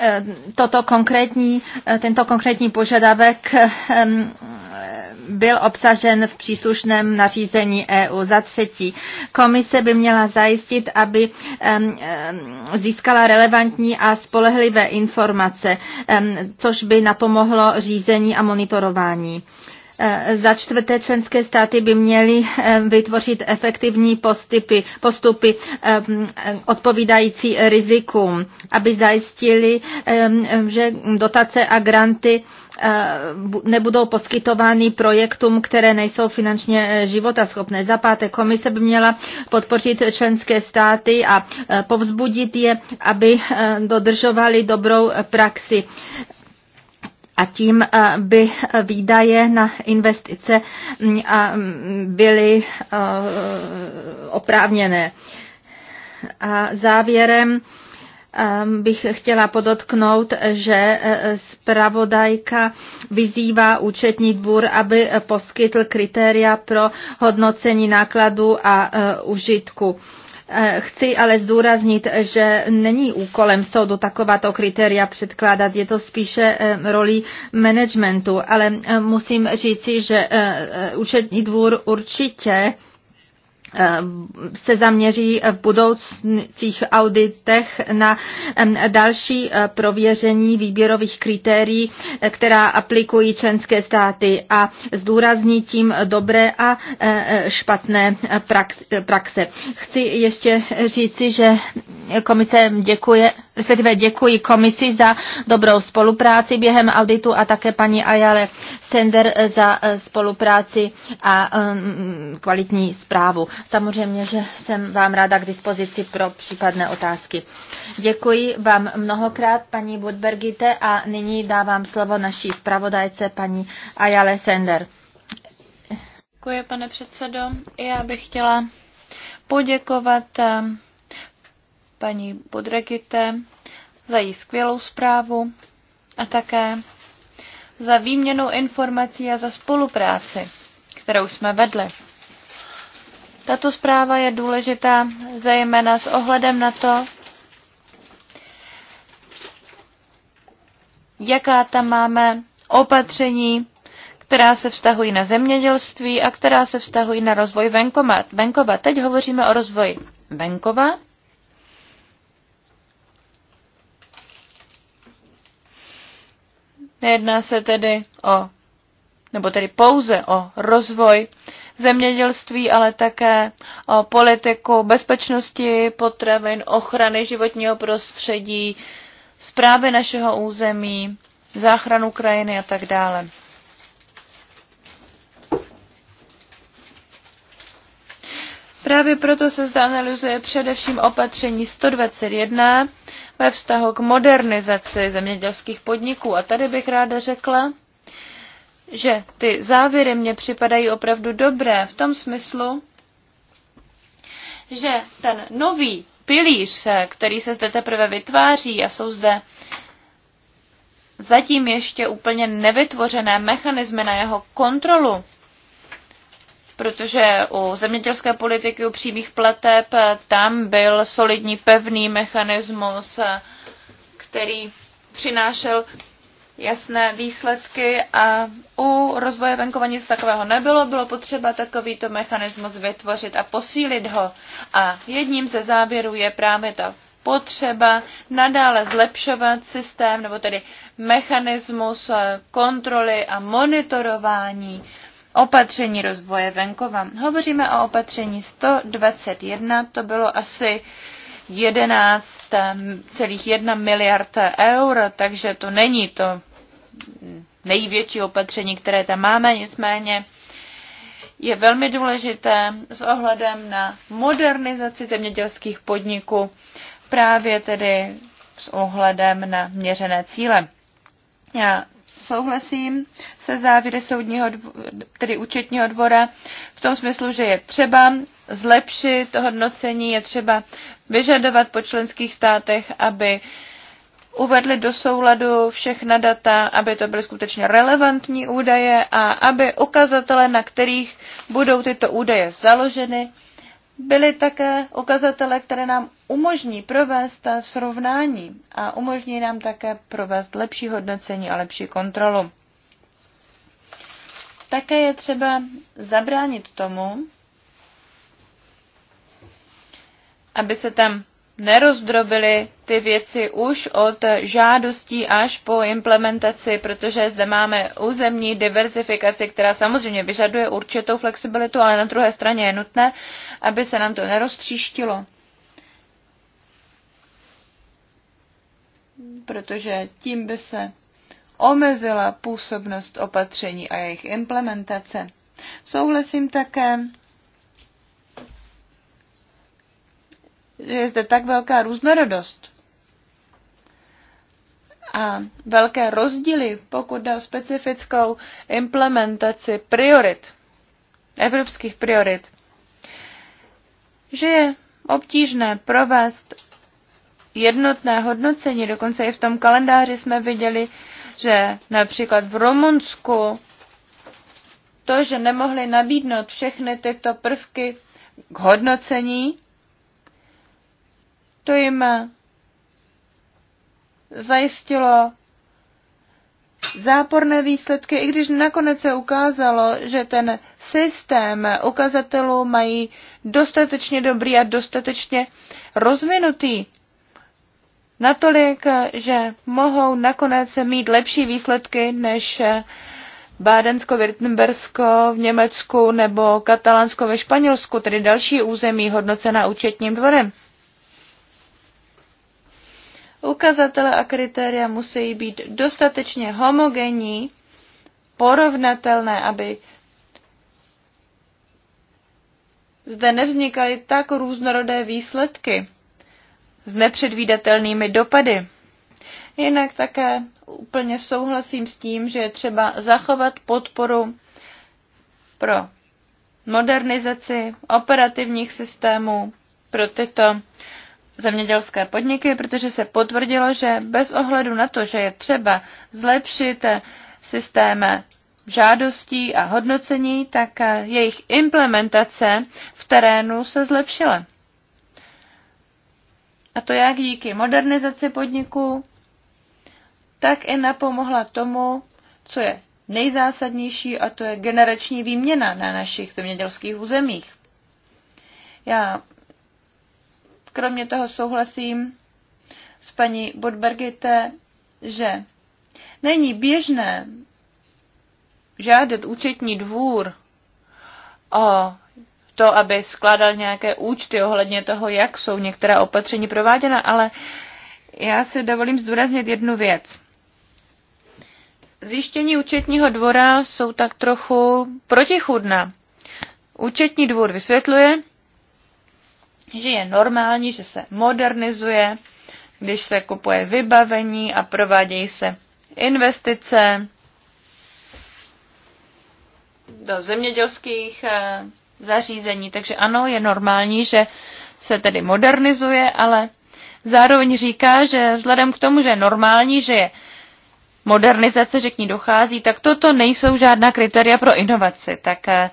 Eh, toto konkrétní, eh, tento konkrétní požadavek eh, byl obsažen v příslušném nařízení EU. Za třetí, komise by měla zajistit, aby získala relevantní a spolehlivé informace, což by napomohlo řízení a monitorování. E, za čtvrté členské státy by měly e, vytvořit efektivní postupy, postupy e, odpovídající rizikům, aby zajistili, že dotace a granty nebudou poskytovány projektům, které nejsou finančně životaschopné. Za páté, komise by měla podpořit členské státy a povzbudit je, aby dodržovali dobrou praxi a tím eh, by eh, výdaje na investice mm, mm, byly eh, oprávněné. A závěrem bych chtěla podotknout, že zpravodajka vyzývá účetní dvůr, aby poskytl kritéria pro hodnocení nákladu a užitku Eh, chci ale zdůraznit, že není úkolem soudu takováto kritéria předkládat, je to spíše eh, roli managementu, ale eh, musím říci, že účetní dvůr určitě Eh, se zaměří v budoucích auditech na další eh, prověření výběrových kritérií, eh, která aplikují členské státy a zdůrazní tím dobré a špatné praxe. Chci ještě říci, že komise děkuje respektive děkuji komisi za dobrou spolupráci během auditu a také paní Ajale Sender za eh, spolupráci a mm, kvalitní zprávu. Samozřejmě, že jsem vám ráda k dispozici pro případné otázky. Děkuji vám mnohokrát, paní Budbergite, a nyní dávám slovo naší zpravodajce, paní Ajale Sender. Děkuji, pane předsedo. Já bych chtěla poděkovat eh, paní Budregite za její skvělou zprávu a také za výměnu informací a za spolupráci, kterou jsme vedli. Tato zpráva je důležitá zejména s ohledem na to, jaká tam máme opatření, která se vztahují na zemědělství a která se vztahují na rozvoj venkova. venkova. Teď hovoříme o rozvoji venkova Nejedná se tedy o, nebo tedy pouze o rozvoj zemědělství, ale také o politiku bezpečnosti potravin, ochrany životního prostředí, zprávy našeho území, záchranu krajiny a tak dále. Právě proto se zde analyzuje především opatření 121 ve vztahu k modernizaci zemědělských podniků. A tady bych ráda řekla, že ty závěry mně připadají opravdu dobré v tom smyslu, že ten nový pilíř, který se zde teprve vytváří a jsou zde zatím ještě úplně nevytvořené mechanismy na jeho kontrolu, protože u zemědělské politiky, u přímých plateb, tam byl solidní pevný mechanismus, který přinášel jasné výsledky a u rozvoje venkova nic takového nebylo. Bylo potřeba takovýto mechanismus vytvořit a posílit ho. A jedním ze závěrů je právě ta potřeba nadále zlepšovat systém nebo tedy mechanismus kontroly a monitorování opatření rozvoje venkova. Hovoříme o opatření 121, to bylo asi 11,1 miliard eur, takže to není to největší opatření, které tam máme, nicméně je velmi důležité s ohledem na modernizaci zemědělských podniků, právě tedy s ohledem na měřené cíle. Já souhlasím se závěry soudního, tedy účetního dvora v tom smyslu, že je třeba zlepšit hodnocení, je třeba vyžadovat po členských státech, aby uvedli do souladu všechna data, aby to byly skutečně relevantní údaje a aby ukazatele, na kterých budou tyto údaje založeny, byly také ukazatele, které nám umožní provést v srovnání a umožní nám také provést lepší hodnocení a lepší kontrolu. Také je třeba zabránit tomu, aby se tam nerozdrobili ty věci už od žádostí až po implementaci, protože zde máme územní diverzifikaci, která samozřejmě vyžaduje určitou flexibilitu, ale na druhé straně je nutné, aby se nám to neroztříštilo. Protože tím by se omezila působnost opatření a jejich implementace. Souhlasím také že je zde tak velká různorodost a velké rozdíly, pokud jde o specifickou implementaci priorit, evropských priorit, že je obtížné provést jednotné hodnocení. Dokonce i v tom kalendáři jsme viděli, že například v Rumunsku to, že nemohli nabídnout všechny tyto prvky k hodnocení, to jim eh, zajistilo záporné výsledky, i když nakonec se ukázalo, že ten systém ukazatelů mají dostatečně dobrý a dostatečně rozvinutý. Natolik, že mohou nakonec mít lepší výsledky než eh, Bádensko, Württembersko v Německu nebo Katalánsko ve Španělsku, tedy další území hodnocená účetním dvorem ukazatele a kritéria musí být dostatečně homogenní, porovnatelné, aby zde nevznikaly tak různorodé výsledky s nepředvídatelnými dopady. Jinak také úplně souhlasím s tím, že je třeba zachovat podporu pro modernizaci operativních systémů pro tyto zemědělské podniky, protože se potvrdilo, že bez ohledu na to, že je třeba zlepšit eh, systém eh, žádostí a hodnocení, tak eh, jejich implementace v terénu se zlepšila. A to jak díky modernizaci podniků, tak i napomohla tomu, co je nejzásadnější, a to je generační výměna na našich zemědělských územích. Já Kromě toho souhlasím s paní Bodbergite, že není běžné žádat účetní dvůr o to, aby skládal nějaké účty ohledně toho, jak jsou některá opatření prováděna, ale já si dovolím zdůraznit jednu věc. Zjištění účetního dvora jsou tak trochu protichudná. Účetní dvůr vysvětluje, že je normální, že se modernizuje, když se kupuje vybavení a provádějí se investice do zemědělských eh, zařízení. Takže ano, je normální, že se tedy modernizuje, ale zároveň říká, že vzhledem k tomu, že je normální, že je modernizace, že k ní dochází, tak toto nejsou žádná kritéria pro inovaci. Tak eh,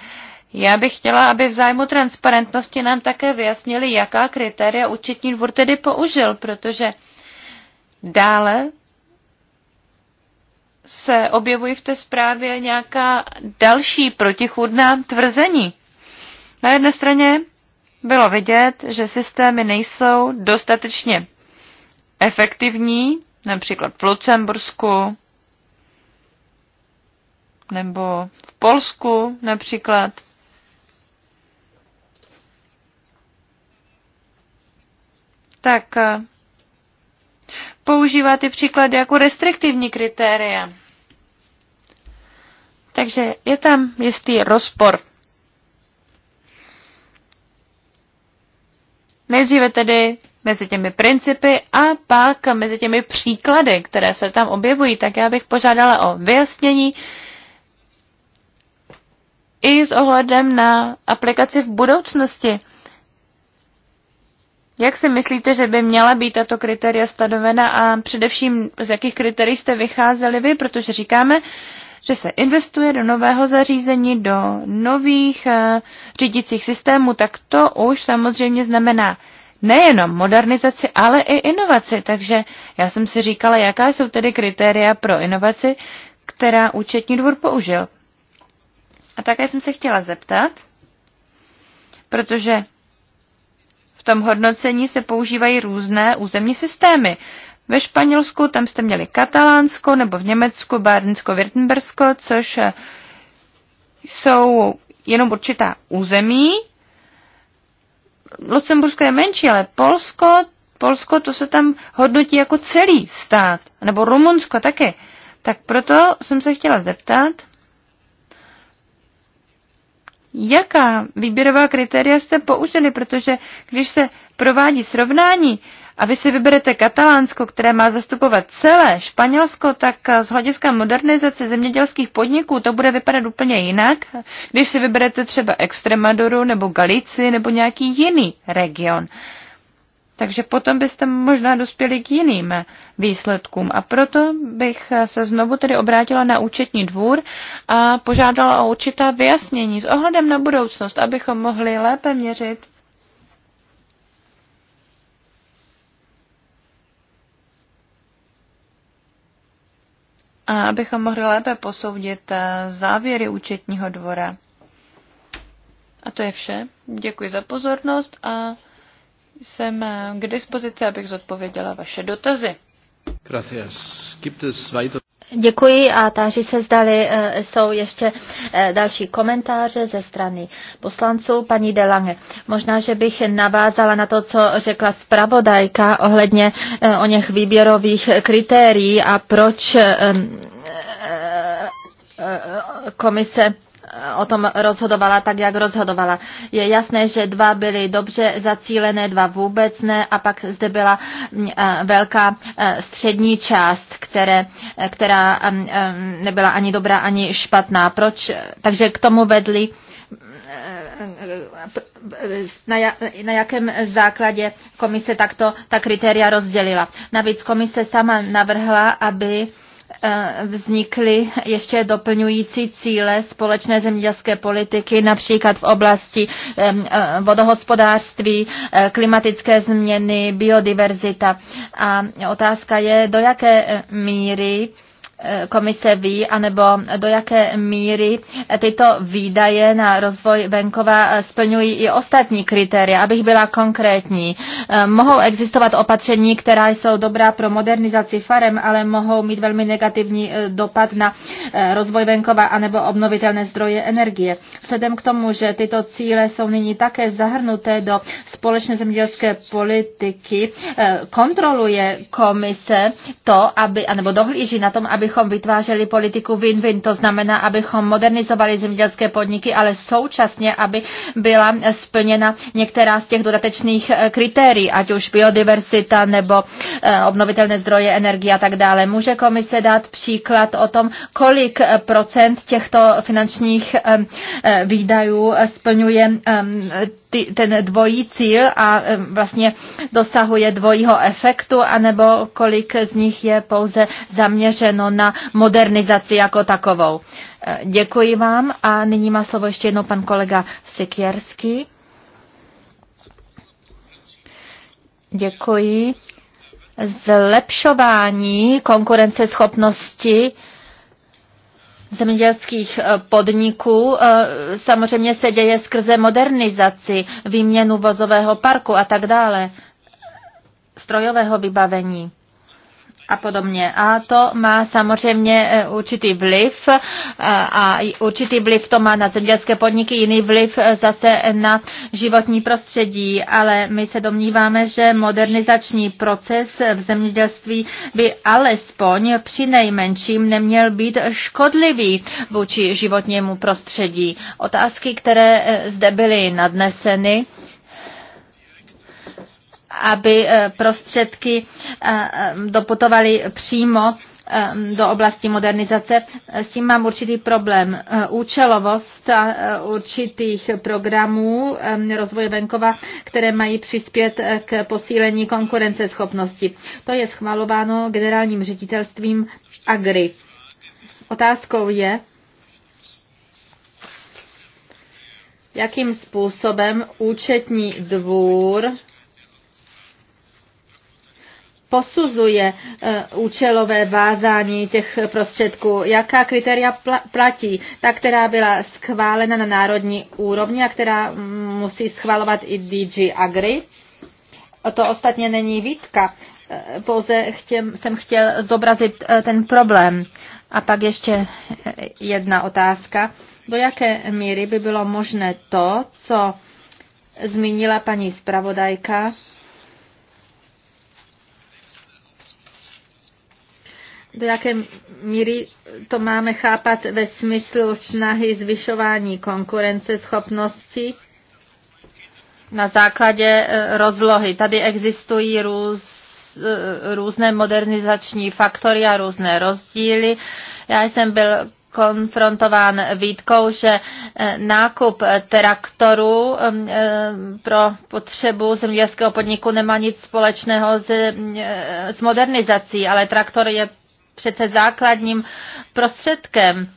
já bych chtěla, aby v zájmu transparentnosti nám také vyjasnili, jaká kritéria účetní dvůr tedy použil, protože dále se objevují v té zprávě nějaká další protichůdná tvrzení. Na jedné straně bylo vidět, že systémy nejsou dostatečně efektivní, například v Lucembursku nebo v Polsku například. tak eh, používá ty příklady jako restriktivní kritéria. Takže je tam jistý rozpor. Nejdříve tedy mezi těmi principy a pak mezi těmi příklady, které se tam objevují, tak já bych požádala o vyjasnění i s ohledem na aplikaci v budoucnosti. Jak si myslíte, že by měla být tato kritéria stanovena a především z jakých kritérií jste vycházeli vy, protože říkáme, že se investuje do nového zařízení, do nových eh, řídicích systémů, tak to už samozřejmě znamená nejenom modernizaci, ale i inovaci. Takže já jsem si říkala, jaká jsou tedy kritéria pro inovaci, která účetní dvůr použil. A také jsem se chtěla zeptat, protože tom hodnocení se používají různé územní systémy. Ve Španělsku tam jste měli Katalánsko nebo v Německu Bádensko-Württembersko, což eh, jsou jenom určitá území. Lucembursko je menší, ale Polsko, Polsko to se tam hodnotí jako celý stát, nebo Rumunsko taky. Tak proto jsem se chtěla zeptat, jaká výběrová kritéria jste použili, protože když se provádí srovnání a vy si vyberete Katalánsko, které má zastupovat celé Španělsko, tak eh, z hlediska modernizace zemědělských podniků to bude vypadat úplně jinak, když si vyberete třeba Extremaduru nebo Galici nebo nějaký jiný region. Takže potom byste možná dospěli k jiným výsledkům. A proto bych se znovu tedy obrátila na účetní dvůr a požádala o určitá vyjasnění s ohledem na budoucnost, abychom mohli lépe měřit a abychom mohli lépe posoudit eh, závěry účetního dvora. A to je vše. Děkuji za pozornost a jsem eh, k dispozici, abych zodpověděla vaše dotazy. Děkuji a táži se zdali, eh, jsou ještě eh, další komentáře ze strany poslanců. Paní Delange, možná, že bych navázala na to, co řekla zpravodajka ohledně o něch výběrových kritérií a proč komise o tom rozhodovala tak, jak rozhodovala. Je jasné, že dva byly dobře zacílené, dva vůbec ne a pak zde byla mm, eh, velká eh, střední část, které, eh, která mm, nebyla ani dobrá, ani špatná. Proč? Takže k tomu vedli mm, na, na jakém základě komise takto ta kritéria rozdělila. Navíc komise sama navrhla, aby Eh, vznikly ještě doplňující cíle společné zemědělské politiky, například v oblasti eh, eh, vodohospodářství, klimatické změny, biodiverzita. A otázka je, do jaké míry komise ví, anebo do jaké míry tyto výdaje na rozvoj venkova splňují i ostatní kritéria. Abych byla konkrétní, eh, mohou existovat opatření, která jsou dobrá pro modernizaci farem, ale mohou mít velmi negativní eh, dopad na eh, rozvoj venkova anebo obnovitelné zdroje energie. Vzhledem k tomu, že tyto cíle jsou nyní také zahrnuté do společné zemědělské politiky, kontroluje komise to, aby, anebo dohlíží na tom, aby abychom vytvářeli politiku win-win, to znamená, abychom modernizovali zemědělské podniky, ale současně, aby byla splněna některá z těch dodatečných eh, kritérií, ať už biodiversita nebo eh, obnovitelné zdroje energie a tak dále. Může komise dát příklad o tom, kolik eh, procent těchto finančních výdajů splňuje ehm, ten dvojí cíl a ehm, vlastně dosahuje dvojího efektu, anebo kolik z nich je pouze zaměřeno na modernizaci jako takovou. Eh, děkuji vám a nyní má slovo ještě jednou pan kolega Sikierský. Děkuji. Zlepšování konkurenceschopnosti zemědělských eh, podniků eh, samozřejmě se děje skrze modernizaci, výměnu vozového parku a tak dále, strojového vybavení a podobně. A to má samozřejmě e, určitý vliv e, a určitý vliv to má na zemědělské podniky, jiný vliv e, zase na životní prostředí, ale my se domníváme, že modernizační proces v zemědělství by alespoň při nejmenším neměl být škodlivý vůči životnímu prostředí. Otázky, které zde byly nadneseny, aby eh, prostředky eh, eh, doputovaly přímo do oblasti modernizace. S tím mám určitý problém. Účelovost určitých programů rozvoje venkova, které mají přispět k posílení konkurenceschopnosti. To je schvalováno generálním ředitelstvím Agri. Otázkou je, jakým způsobem účetní dvůr posuzuje eh, účelové vázání těch prostředků, jaká kritéria platí, ta, která byla schválena na národní úrovni a která mm, musí schvalovat i DG Agri. To ostatně není výtka, eh, pouze chtěl, jsem chtěl zobrazit eh, ten problém. A pak ještě jedna otázka. Do jaké míry by bylo možné to, co zmínila paní zpravodajka, do jaké míry to máme chápat ve smyslu snahy zvyšování konkurenceschopnosti na základě e, rozlohy. Tady existují růz, e, různé modernizační faktory a různé rozdíly. Já jsem byl konfrontován výtkou, že e, nákup traktoru pro potřebu zemědělského podniku nemá nic společného s, s modernizací, ale traktor je přece základním prostředkem.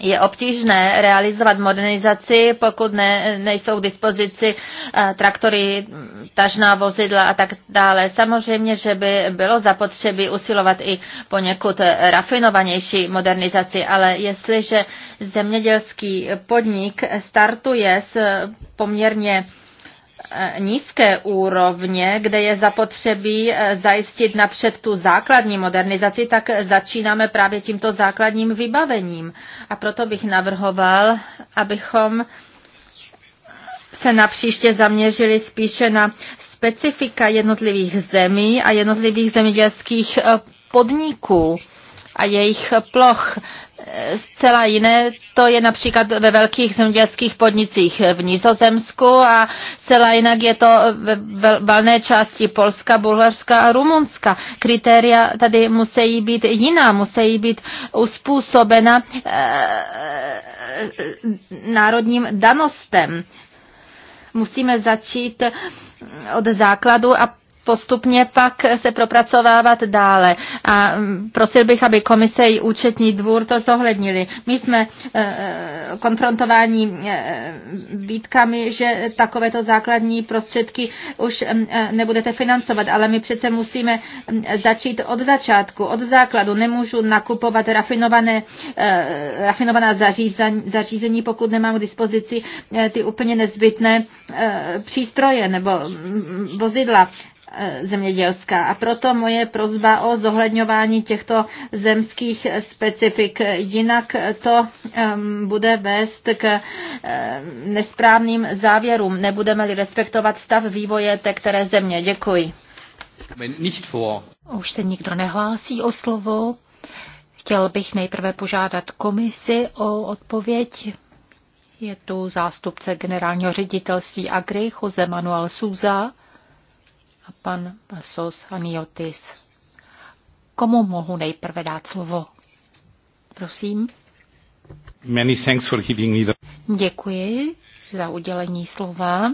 Je obtížné realizovat modernizaci, pokud ne, nejsou k dispozici eh, traktory, tažná vozidla a tak dále. Samozřejmě, že by bylo zapotřebí usilovat i poněkud rafinovanější modernizaci, ale jestliže zemědělský podnik startuje s poměrně E, nízké úrovně, kde je zapotřebí e, zajistit napřed tu základní modernizaci, tak začínáme právě tímto základním vybavením. A proto bych navrhoval, abychom se napříště zaměřili spíše na specifika jednotlivých zemí a jednotlivých zemědělských e, podniků a jejich ploch zcela jiné to je například ve velkých zemědělských podnicích v Nizozemsku a zcela jinak je to ve valné části Polska, Bulharska a Rumunska. Kritéria tady musí být jiná, musí být uspůsobena eh, eh, národním danostem. Musíme začít od základu a postupně pak se propracovávat dále. A mm, prosil bych, aby komise i účetní dvůr to zohlednili. My jsme e, e, konfrontováni e, výtkami, že takovéto základní prostředky už nebudete financovat, ale my přece musíme začít od začátku, od základu. Nemůžu nakupovat rafinované, rafinovaná zařízení, zařízení, pokud nemám k dispozici ty úplně nezbytné přístroje nebo vozidla. Eh, zemědělská. A proto moje prozba o zohledňování těchto zemských specifik. Jinak to bude vést k eh, nesprávným závěrům. Nebudeme-li respektovat stav vývoje té které země. Děkuji. Už se nikdo nehlásí o slovo. Chtěl bych nejprve požádat komisi o odpověď. Je tu zástupce generálního ředitelství Agri Jose Manuel Souza a pan Pasos Aniotis. Komu mohu nejprve dát slovo? Prosím. Many thanks for giving me the... Děkuji za udělení slova.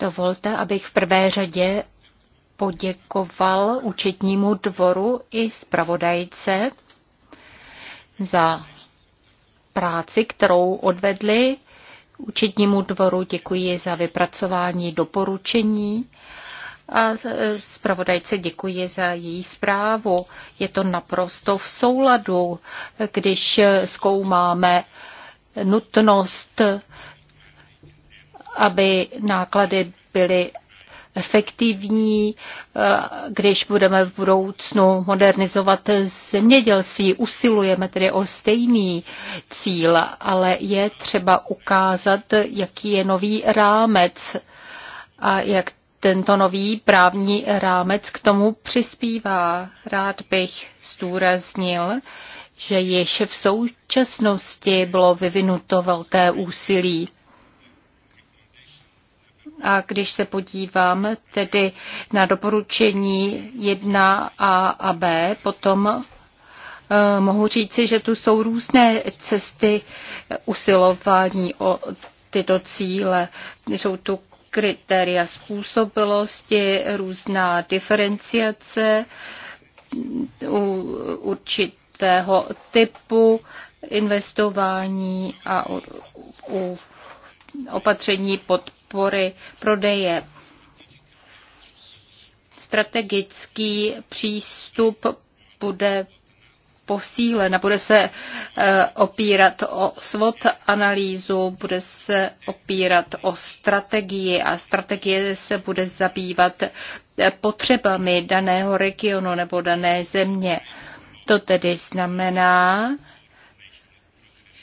Dovolte, abych v prvé řadě poděkoval účetnímu dvoru i zpravodajce za práci, kterou odvedli účetnímu dvoru, děkuji za vypracování doporučení a zpravodajce děkuji za její zprávu. Je to naprosto v souladu, když zkoumáme nutnost, aby náklady byly efektivní, eh, když budeme v budoucnu modernizovat zemědělství. Usilujeme tedy o stejný cíl, ale je třeba ukázat, jaký je nový rámec a jak tento nový právní rámec k tomu přispívá. Rád bych zdůraznil, že již v současnosti bylo vyvinuto velké úsilí a když se podívám tedy na doporučení 1a a b, potom eh, mohu říci, že tu jsou různé cesty usilování o tyto cíle. Jsou tu kritéria způsobilosti, různá diferenciace u určitého typu investování a u opatření pod podpory prodeje. Strategický přístup bude posílen a bude se eh, opírat o SWOT analýzu, bude se opírat o strategii a strategie se bude zabývat eh, potřebami daného regionu nebo dané země. To tedy znamená,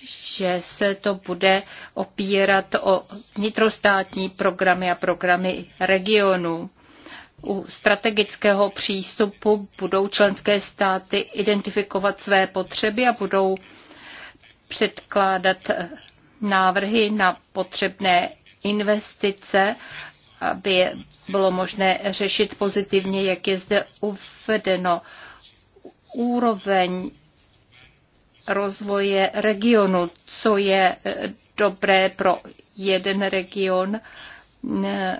že se to bude opírat o vnitrostátní programy a programy regionu. U strategického přístupu budou členské státy identifikovat své potřeby a budou předkládat návrhy na potřebné investice, aby bylo možné řešit pozitivně, jak je zde uvedeno, úroveň rozvoje regionu, co je eh, dobré pro jeden region, eh,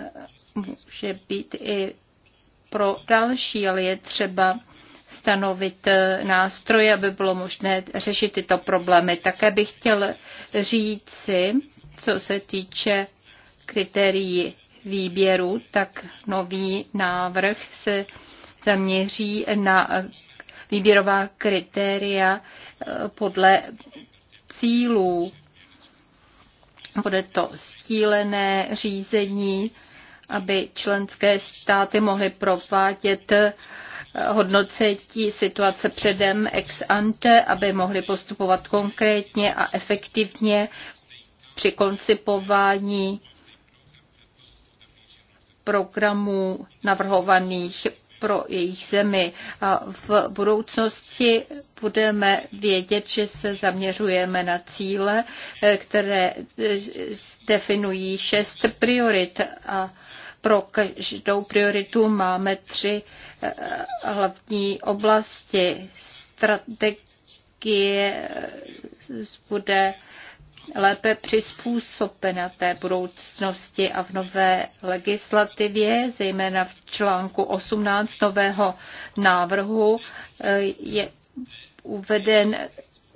může být i pro další, ale je třeba stanovit eh, nástroje, aby bylo možné řešit tyto problémy. Také bych chtěl říci, co se týče kritérií výběru, tak nový návrh se zaměří na výběrová kritéria eh, podle cílů. Bude to stílené řízení, aby členské státy mohly provádět eh, hodnocení situace předem ex ante, aby mohli postupovat konkrétně a efektivně při koncipování programů navrhovaných pro jejich zemi. A v budoucnosti budeme vědět, že se zaměřujeme na cíle, eh, které eh, definují šest priorit a pro každou prioritu máme tři eh, hlavní oblasti. Strategie bude lépe přizpůsobena té budoucnosti a v nové legislativě, zejména v článku 18 nového návrhu, eh, je uveden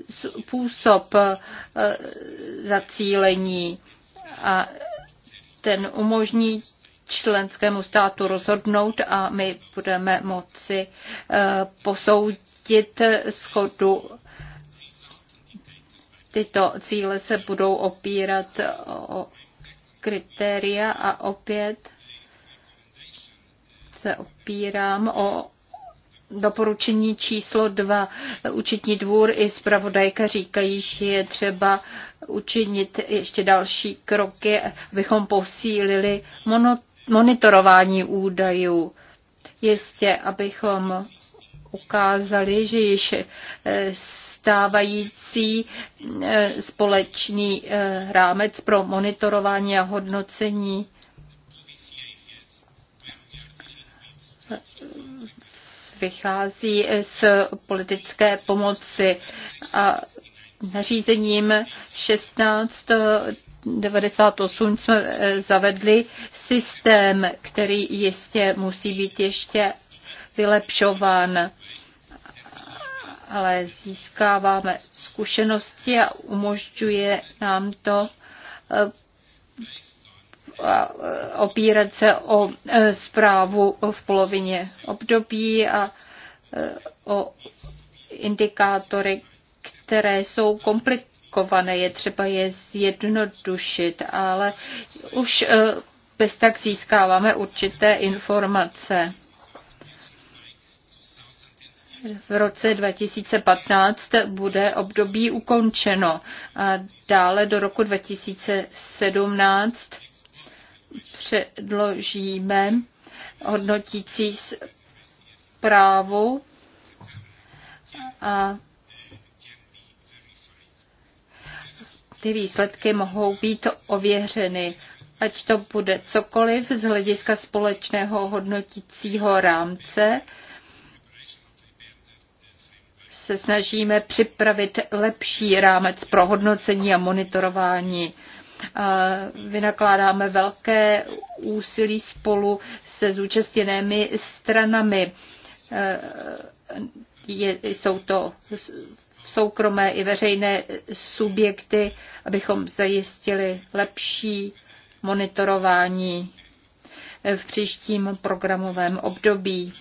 způsob eh, zacílení a ten umožní členskému státu rozhodnout a my budeme moci eh, posoudit schodu Tyto cíle se budou opírat o kritéria a opět se opírám o doporučení číslo dva. Učitní dvůr i zpravodajka říkají, že je třeba učinit ještě další kroky, abychom posílili monitorování údajů. Jistě, abychom ukázali, že již eh, stávající eh, společný eh, rámec pro monitorování a hodnocení vychází z politické pomoci a nařízením 16 98 jsme zavedli systém, který jistě musí být ještě vylepšován, ale získáváme zkušenosti a umožňuje nám to eh, eh, opírat se o eh, zprávu v polovině období a o indikátory, které jsou komplikované, je třeba je zjednodušit, ale už bez tak získáváme určité informace v roce 2015 bude období ukončeno a dále do roku 2017 předložíme hodnotící zprávu a ty výsledky mohou být ověřeny. Ať to bude cokoliv z hlediska společného hodnotícího rámce, se snažíme připravit lepší rámec pro hodnocení a monitorování. Vynakládáme velké úsilí spolu se zúčastněnými stranami. E, jsou to soukromé i veřejné subjekty, abychom zajistili lepší monitorování v příštím programovém období.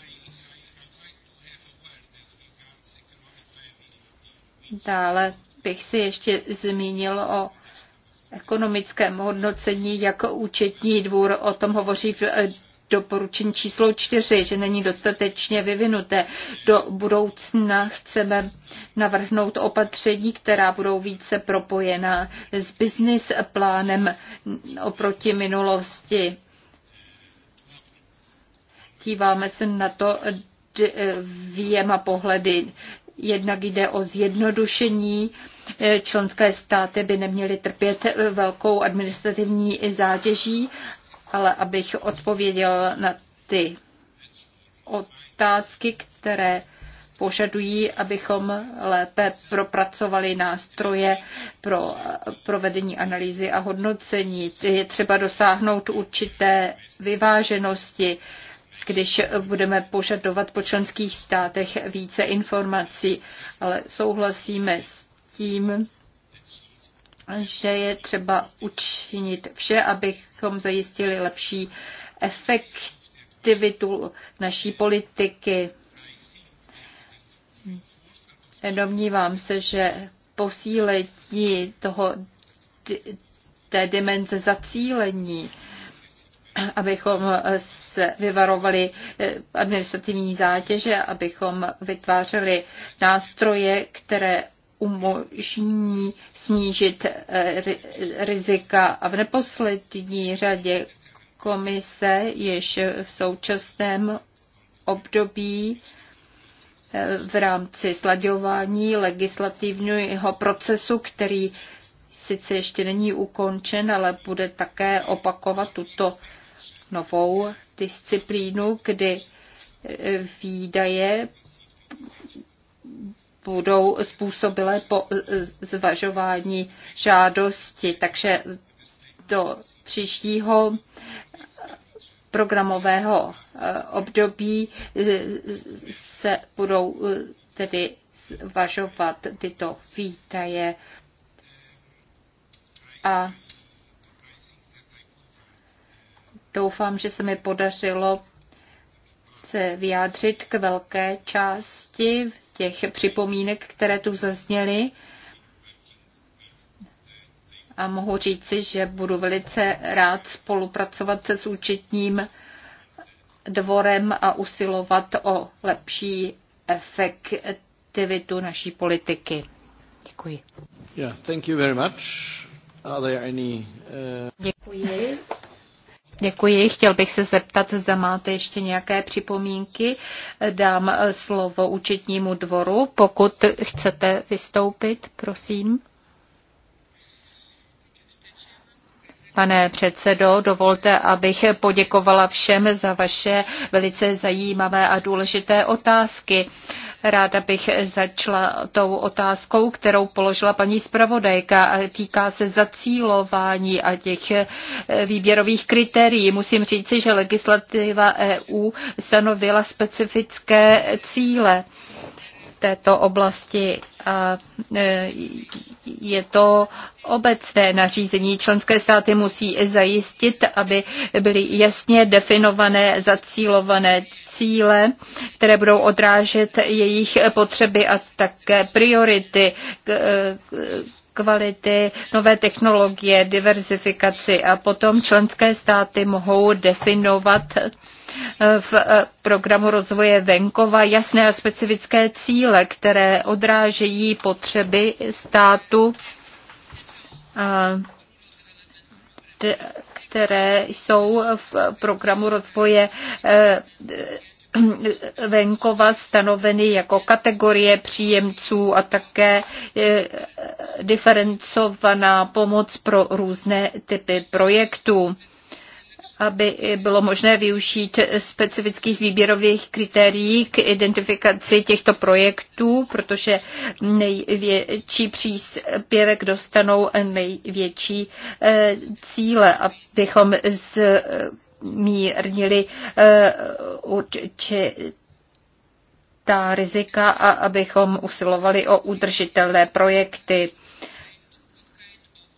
Dále bych si ještě zmínil o ekonomickém hodnocení, jako účetní dvůr o tom hovoří v eh, doporučení číslo čtyři, že není dostatečně vyvinuté. Do budoucna chceme navrhnout opatření, která budou více propojena s business plánem oproti minulosti. Díváme se na to dvěma pohledy. Jednak jde o zjednodušení. Eh, Členské státy by neměly trpět eh, velkou administrativní zátěží, ale abych odpověděl na ty otázky, které požadují, abychom lépe propracovali nástroje pro provedení analýzy a hodnocení. Je třeba dosáhnout určité vyváženosti když budeme požadovat po členských státech více informací, ale souhlasíme s tím, že je třeba učinit vše, abychom zajistili lepší efektivitu naší politiky. Domnívám se, že posílení toho, té dimenze zacílení abychom se vyvarovali eh, administrativní zátěže, abychom vytvářeli nástroje, které umožní snížit eh, rizika a v neposlední řadě komise již v současném období eh, v rámci slaďování legislativního procesu, který sice ještě není ukončen, ale bude také opakovat tuto novou disciplínu, kdy eh, výdaje budou způsobilé po eh, zvažování žádosti. Takže do příštího eh, programového období se budou tedy zvažovat tyto výdaje a Doufám, že se mi podařilo se vyjádřit k velké části těch připomínek, které tu zazněly. A mohu říci, že budu velice rád spolupracovat s účetním dvorem a usilovat o lepší efektivitu naší politiky. Děkuji. Yeah, thank you very much. Are there any, uh... Děkuji. Děkuji. Chtěl bych se zeptat, zda máte ještě nějaké připomínky. Dám eh, slovo účetnímu dvoru. Pokud chcete vystoupit, prosím. Pane předsedo, dovolte, abych poděkovala všem za vaše velice zajímavé a důležité otázky. Ráda bych začala tou otázkou, kterou položila paní zpravodajka. Týká se zacílování a těch eh, výběrových kritérií. Musím říci, že legislativa EU stanovila specifické cíle této oblasti. A e, je to obecné nařízení. Členské státy musí zajistit, aby byly jasně definované, zacílované cíle, které budou odrážet jejich potřeby a také priority e, kvality, nové technologie, diverzifikaci a potom členské státy mohou definovat v eh, programu rozvoje venkova jasné a specifické cíle, které odrážejí potřeby státu, eh, které jsou v programu rozvoje eh, venkova stanoveny jako kategorie příjemců a také diferencovaná pomoc pro různé typy projektů aby bylo možné využít specifických výběrových kritérií k identifikaci těchto projektů, protože největší příspěvek dostanou největší eh, cíle, abychom zmírnili eh, určitá ta rizika a abychom usilovali o udržitelné projekty.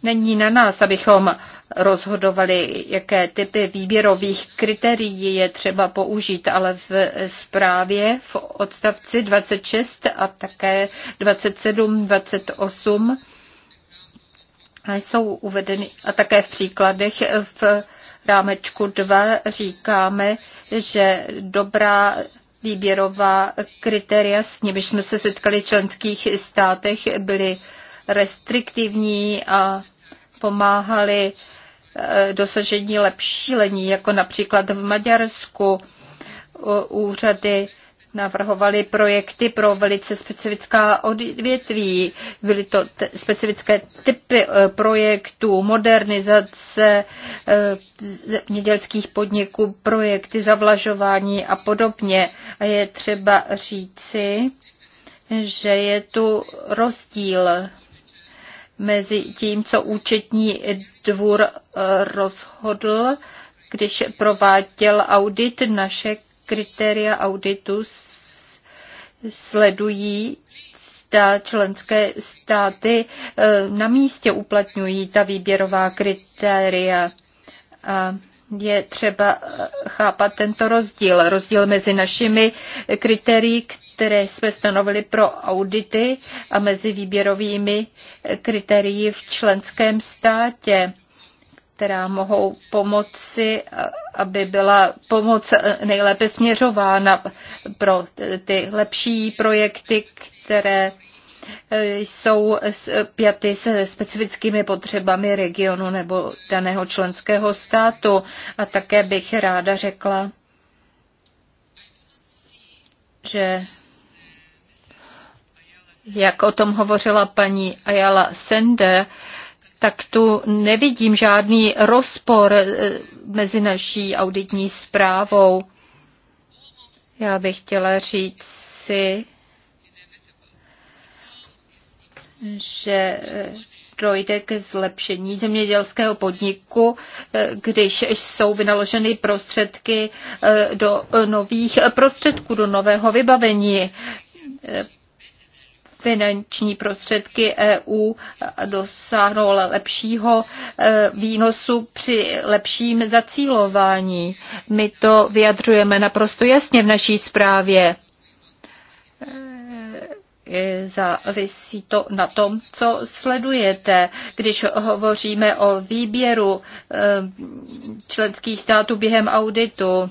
Není na nás, abychom rozhodovali, jaké typy výběrových kritérií je třeba použít, ale v zprávě v odstavci 26 a také 27, 28 jsou uvedeny a také v příkladech v rámečku 2 říkáme, že dobrá výběrová kritéria, s nimiž jsme se setkali v členských státech, byly restriktivní a pomáhali Eh, dosažení lepší lení, jako například v Maďarsku úřady navrhovali projekty pro velice specifická odvětví. Byly to specifické typy eh, projektů, modernizace eh, zemědělských podniků, projekty zavlažování a podobně. A je třeba říci, že je tu rozdíl mezi tím, co účetní dvůr eh, rozhodl, když prováděl audit. Naše kritéria auditu sledují zda členské státy eh, na místě uplatňují ta výběrová kritéria. A je třeba eh, chápat tento rozdíl. Rozdíl mezi našimi kritérii, které jsme stanovili pro audity a mezi výběrovými kritérii v členském státě která mohou pomoci, aby byla pomoc nejlépe směřována pro ty lepší projekty, které jsou pěty se specifickými potřebami regionu nebo daného členského státu. A také bych ráda řekla, že jak o tom hovořila paní Ayala Sender, tak tu nevidím žádný rozpor eh, mezi naší auditní zprávou. Já bych chtěla říct si, že eh, dojde k zlepšení zemědělského podniku, eh, když jsou vynaloženy prostředky do nových prostředků, do nového vybavení finanční prostředky EU dosáhnou lepšího e, výnosu při lepším zacílování. My to vyjadřujeme naprosto jasně v naší zprávě e, e, závisí to na tom, co sledujete. Když hovoříme o výběru členských států během auditu,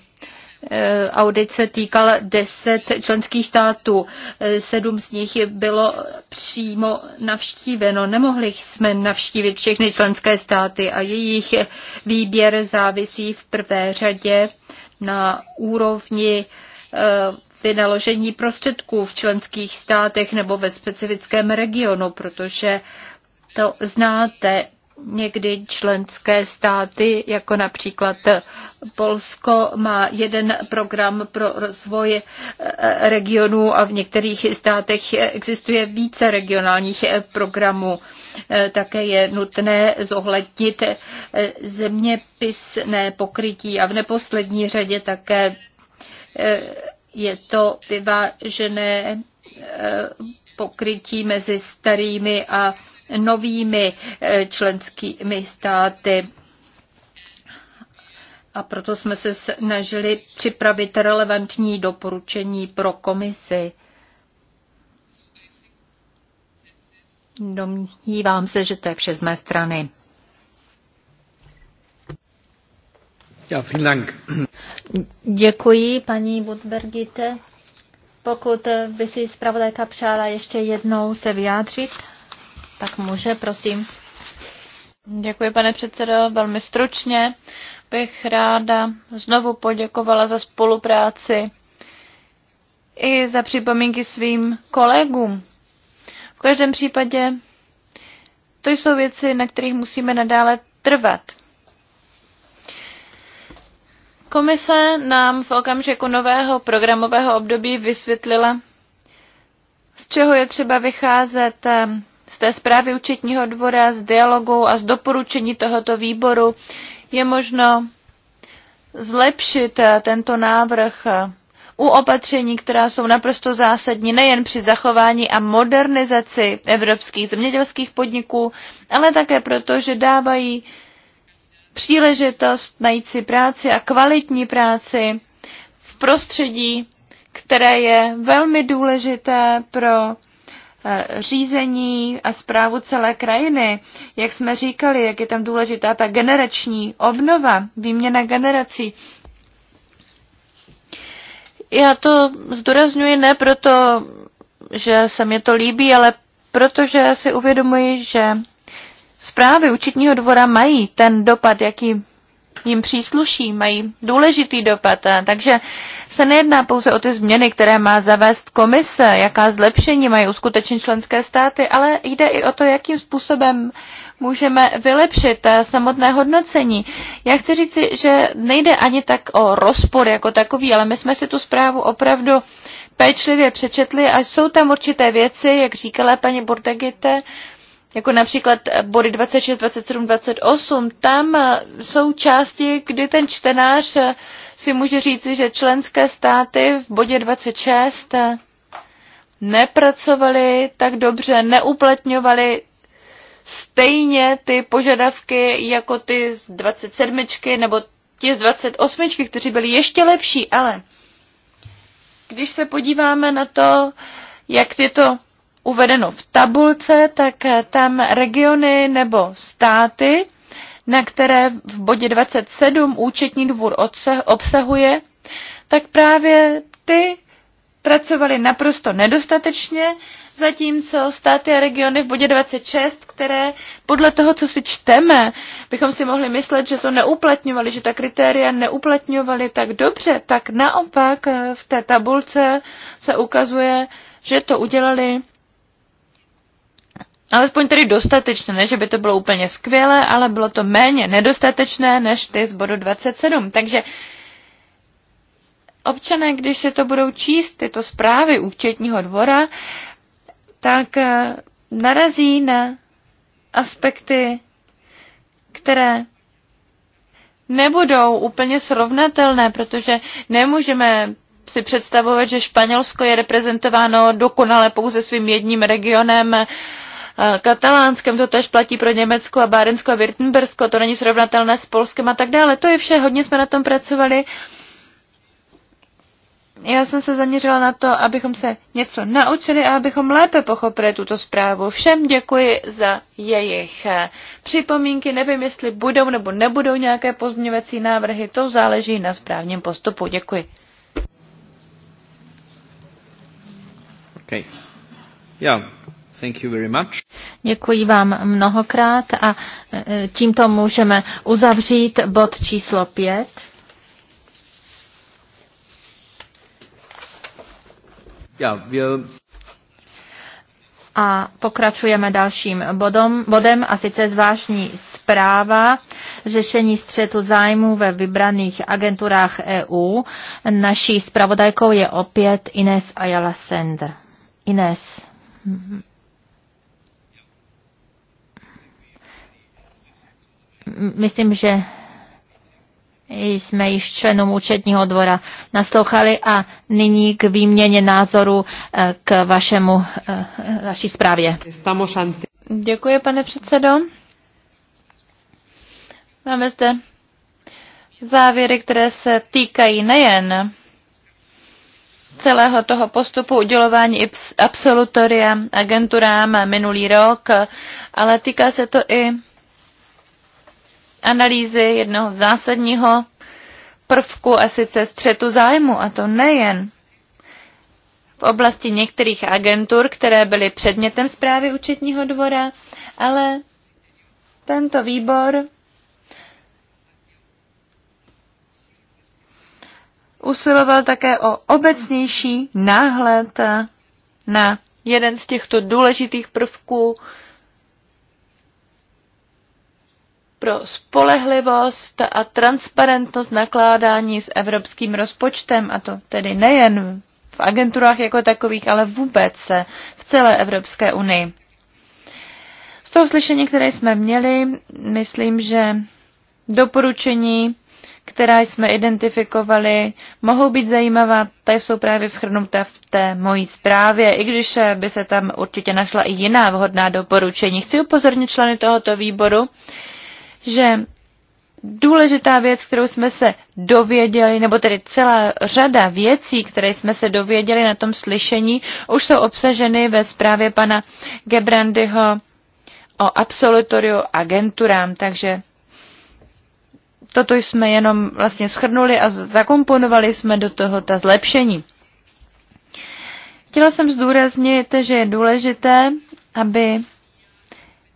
Eh, audit se týkal deset členských států. Eh, sedm z nich bylo přímo navštíveno. Nemohli jsme navštívit všechny členské státy a jejich výběr závisí v prvé řadě na úrovni eh, vynaložení prostředků v členských státech nebo ve specifickém regionu, protože to znáte, Někdy členské státy, jako například Polsko, má jeden program pro rozvoj eh, regionů a v některých státech existuje více regionálních eh, programů. Eh, také je nutné zohlednit zeměpisné pokrytí a v neposlední řadě také je to vyvážené pokrytí mezi starými a novými eh, členskými státy. A proto jsme se snažili připravit relevantní doporučení pro komisi. Domnívám se, že to je vše z mé strany. Ja, Děkuji, paní Budbergite. Pokud by si zpravodajka přála ještě jednou se vyjádřit tak může, prosím. Děkuji, pane předsedo, velmi stručně bych ráda znovu poděkovala za spolupráci i za připomínky svým kolegům. V každém případě to jsou věci, na kterých musíme nadále trvat. Komise nám v okamžiku nového programového období vysvětlila, z čeho je třeba vycházet z té zprávy účetního dvora, z dialogu a z doporučení tohoto výboru je možno zlepšit eh, tento návrh eh, u opatření, která jsou naprosto zásadní nejen při zachování a modernizaci evropských zemědělských podniků, ale také proto, že dávají příležitost najít si práci a kvalitní práci v prostředí, které je velmi důležité pro Eh, řízení a zprávu celé krajiny. Jak jsme říkali, jak je tam důležitá ta generační obnova, výměna generací. Já to zdůrazňuji ne proto, že se mi to líbí, ale protože si uvědomuji, že zprávy účetního dvora mají ten dopad, jaký jim přísluší, mají důležitý dopad. Takže se nejedná pouze o ty změny, které má zavést komise, jaká zlepšení mají uskutečnit členské státy, ale jde i o to, jakým způsobem můžeme vylepšit eh, samotné hodnocení. Já chci říci, že nejde ani tak o rozpor jako takový, ale my jsme si tu zprávu opravdu pečlivě přečetli a jsou tam určité věci, jak říkala paní Bordegite, jako například eh, body 26, 27, 28, tam eh, jsou části, kdy ten čtenář eh, si může říci, že členské státy v bodě 26 nepracovali tak dobře, neuplatňovali stejně ty požadavky jako ty z 27 nebo ti z 28, kteří byli ještě lepší, ale když se podíváme na to, jak tyto uvedeno v tabulce, tak tam regiony nebo státy, na které v bodě 27 účetní dvůr obsahuje, tak právě ty pracovaly naprosto nedostatečně, zatímco státy a regiony v bodě 26, které podle toho, co si čteme, bychom si mohli myslet, že to neuplatňovali, že ta kritéria neuplatňovali tak dobře, tak naopak v té tabulce se ukazuje, že to udělali alespoň tedy dostatečné, ne, že by to bylo úplně skvělé, ale bylo to méně nedostatečné než ty z bodu 27. Takže občané, když se to budou číst, tyto zprávy účetního dvora, tak eh, narazí na aspekty, které nebudou úplně srovnatelné, protože nemůžeme si představovat, že Španělsko je reprezentováno dokonale pouze svým jedním regionem katalánskem, to tež platí pro Německo a Bárensko a Württembersko, to není srovnatelné s Polskem a tak dále. To je vše, hodně jsme na tom pracovali. Já jsem se zaměřila na to, abychom se něco naučili a abychom lépe pochopili tuto zprávu. Všem děkuji za jejich eh, připomínky. Nevím, jestli budou nebo nebudou nějaké pozměňovací návrhy. To záleží na správním postupu. Děkuji. Okay. Yeah. Děkuji vám mnohokrát a e, tímto můžeme uzavřít bod číslo 5. A pokračujeme dalším bodom, bodem, a sice zvláštní zpráva řešení střetu zájmů ve vybraných agenturách EU. Naší zpravodajkou je opět Ines Ayala Sender. Ines, myslím, že jsme již členům účetního dvora naslouchali a nyní k výměně názoru eh, k vašemu, eh, vaší zprávě. Děkuji, pane předsedo. Máme zde závěry, které se týkají nejen celého toho postupu udělování absolutoria agenturám minulý rok, ale týká se to i analýzy jednoho zásadního prvku a sice střetu zájmu. A to nejen v oblasti některých agentur, které byly předmětem zprávy účetního dvora, ale tento výbor usiloval také o obecnější náhled na jeden z těchto důležitých prvků pro spolehlivost a transparentnost nakládání s evropským rozpočtem, a to tedy nejen v agenturách jako takových, ale vůbec v celé Evropské unii. Z toho slyšení, které jsme měli, myslím, že doporučení, která jsme identifikovali, mohou být zajímavá, ta jsou právě schrnuté v té mojí zprávě, i když by se tam určitě našla i jiná vhodná doporučení. Chci upozornit členy tohoto výboru, že důležitá věc, kterou jsme se dověděli, nebo tedy celá řada věcí, které jsme se dověděli na tom slyšení, už jsou obsaženy ve zprávě pana Gebrandyho o absolutoriu agenturám, takže toto jsme jenom vlastně schrnuli a zakomponovali jsme do toho ta zlepšení. Chtěla jsem zdůraznit, že je důležité, aby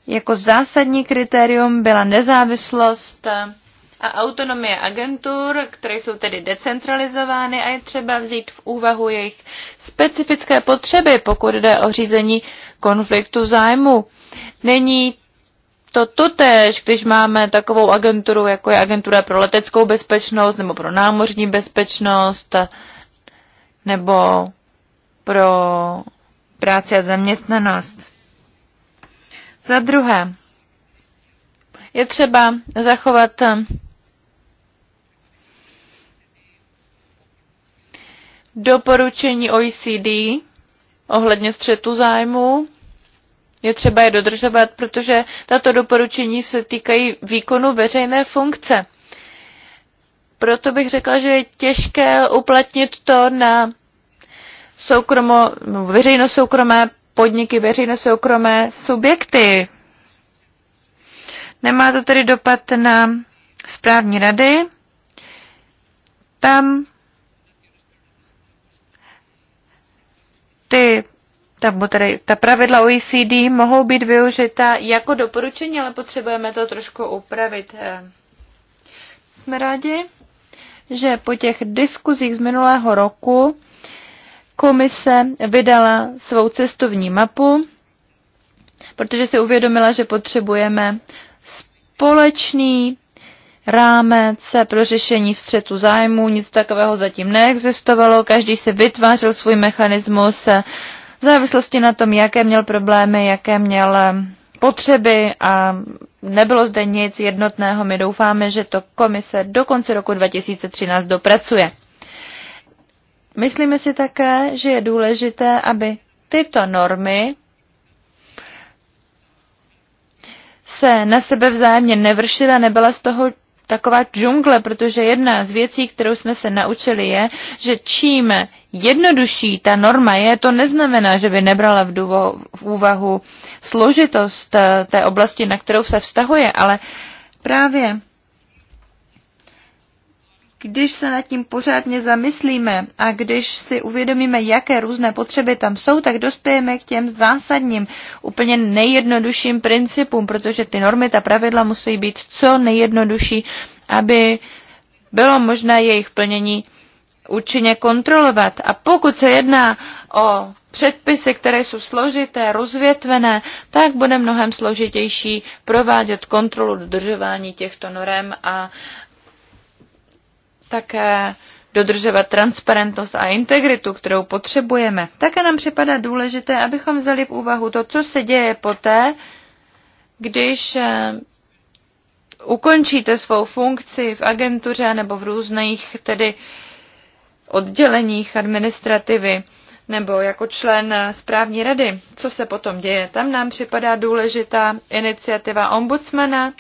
jako zásadní kritérium byla nezávislost a autonomie agentur, které jsou tedy decentralizovány a je třeba vzít v úvahu jejich specifické potřeby, pokud jde o řízení konfliktu zájmu. Není to totéž, když máme takovou agenturu, jako je agentura pro leteckou bezpečnost nebo pro námořní bezpečnost nebo pro práci a zaměstnanost. Za druhé, je třeba zachovat eh, doporučení OECD ohledně střetu zájmu. Je třeba je dodržovat, protože tato doporučení se týkají výkonu veřejné funkce. Proto bych řekla, že je těžké uplatnit to na soukromo, veřejno-soukromé podniky veřejné soukromé subjekty. Nemá to tedy dopad na správní rady. Tam ty tam, tedy, ta pravidla OECD mohou být využita jako doporučení, ale potřebujeme to trošku upravit. Jsme rádi, že po těch diskuzích z minulého roku komise vydala svou cestovní mapu, protože si uvědomila, že potřebujeme společný rámec pro řešení střetu zájmu. Nic takového zatím neexistovalo. Každý si vytvářel svůj mechanismus v závislosti na tom, jaké měl problémy, jaké měl eh, potřeby a nebylo zde nic jednotného. My doufáme, že to komise do konce roku 2013 dopracuje. Myslíme si také, že je důležité, aby tyto normy se na sebe vzájemně nevršila, nebyla z toho taková džungle, protože jedna z věcí, kterou jsme se naučili, je, že čím jednodušší ta norma je, to neznamená, že by nebrala v, důvo, v úvahu složitost eh, té oblasti, na kterou se vztahuje, ale právě když se nad tím pořádně zamyslíme a když si uvědomíme, jaké různé potřeby tam jsou, tak dospějeme k těm zásadním, úplně nejjednodušším principům, protože ty normy, ta pravidla musí být co nejjednodušší, aby bylo možné jejich plnění účinně kontrolovat. A pokud se jedná o předpisy, které jsou složité, rozvětvené, tak bude mnohem složitější provádět kontrolu dodržování těchto norem a také dodržovat transparentnost a integritu, kterou potřebujeme. Také nám připadá důležité, abychom vzali v úvahu to, co se děje poté, když eh, ukončíte svou funkci v agentuře nebo v různých tedy odděleních administrativy nebo jako člen eh, správní rady, co se potom děje. Tam nám připadá důležitá iniciativa ombudsmana,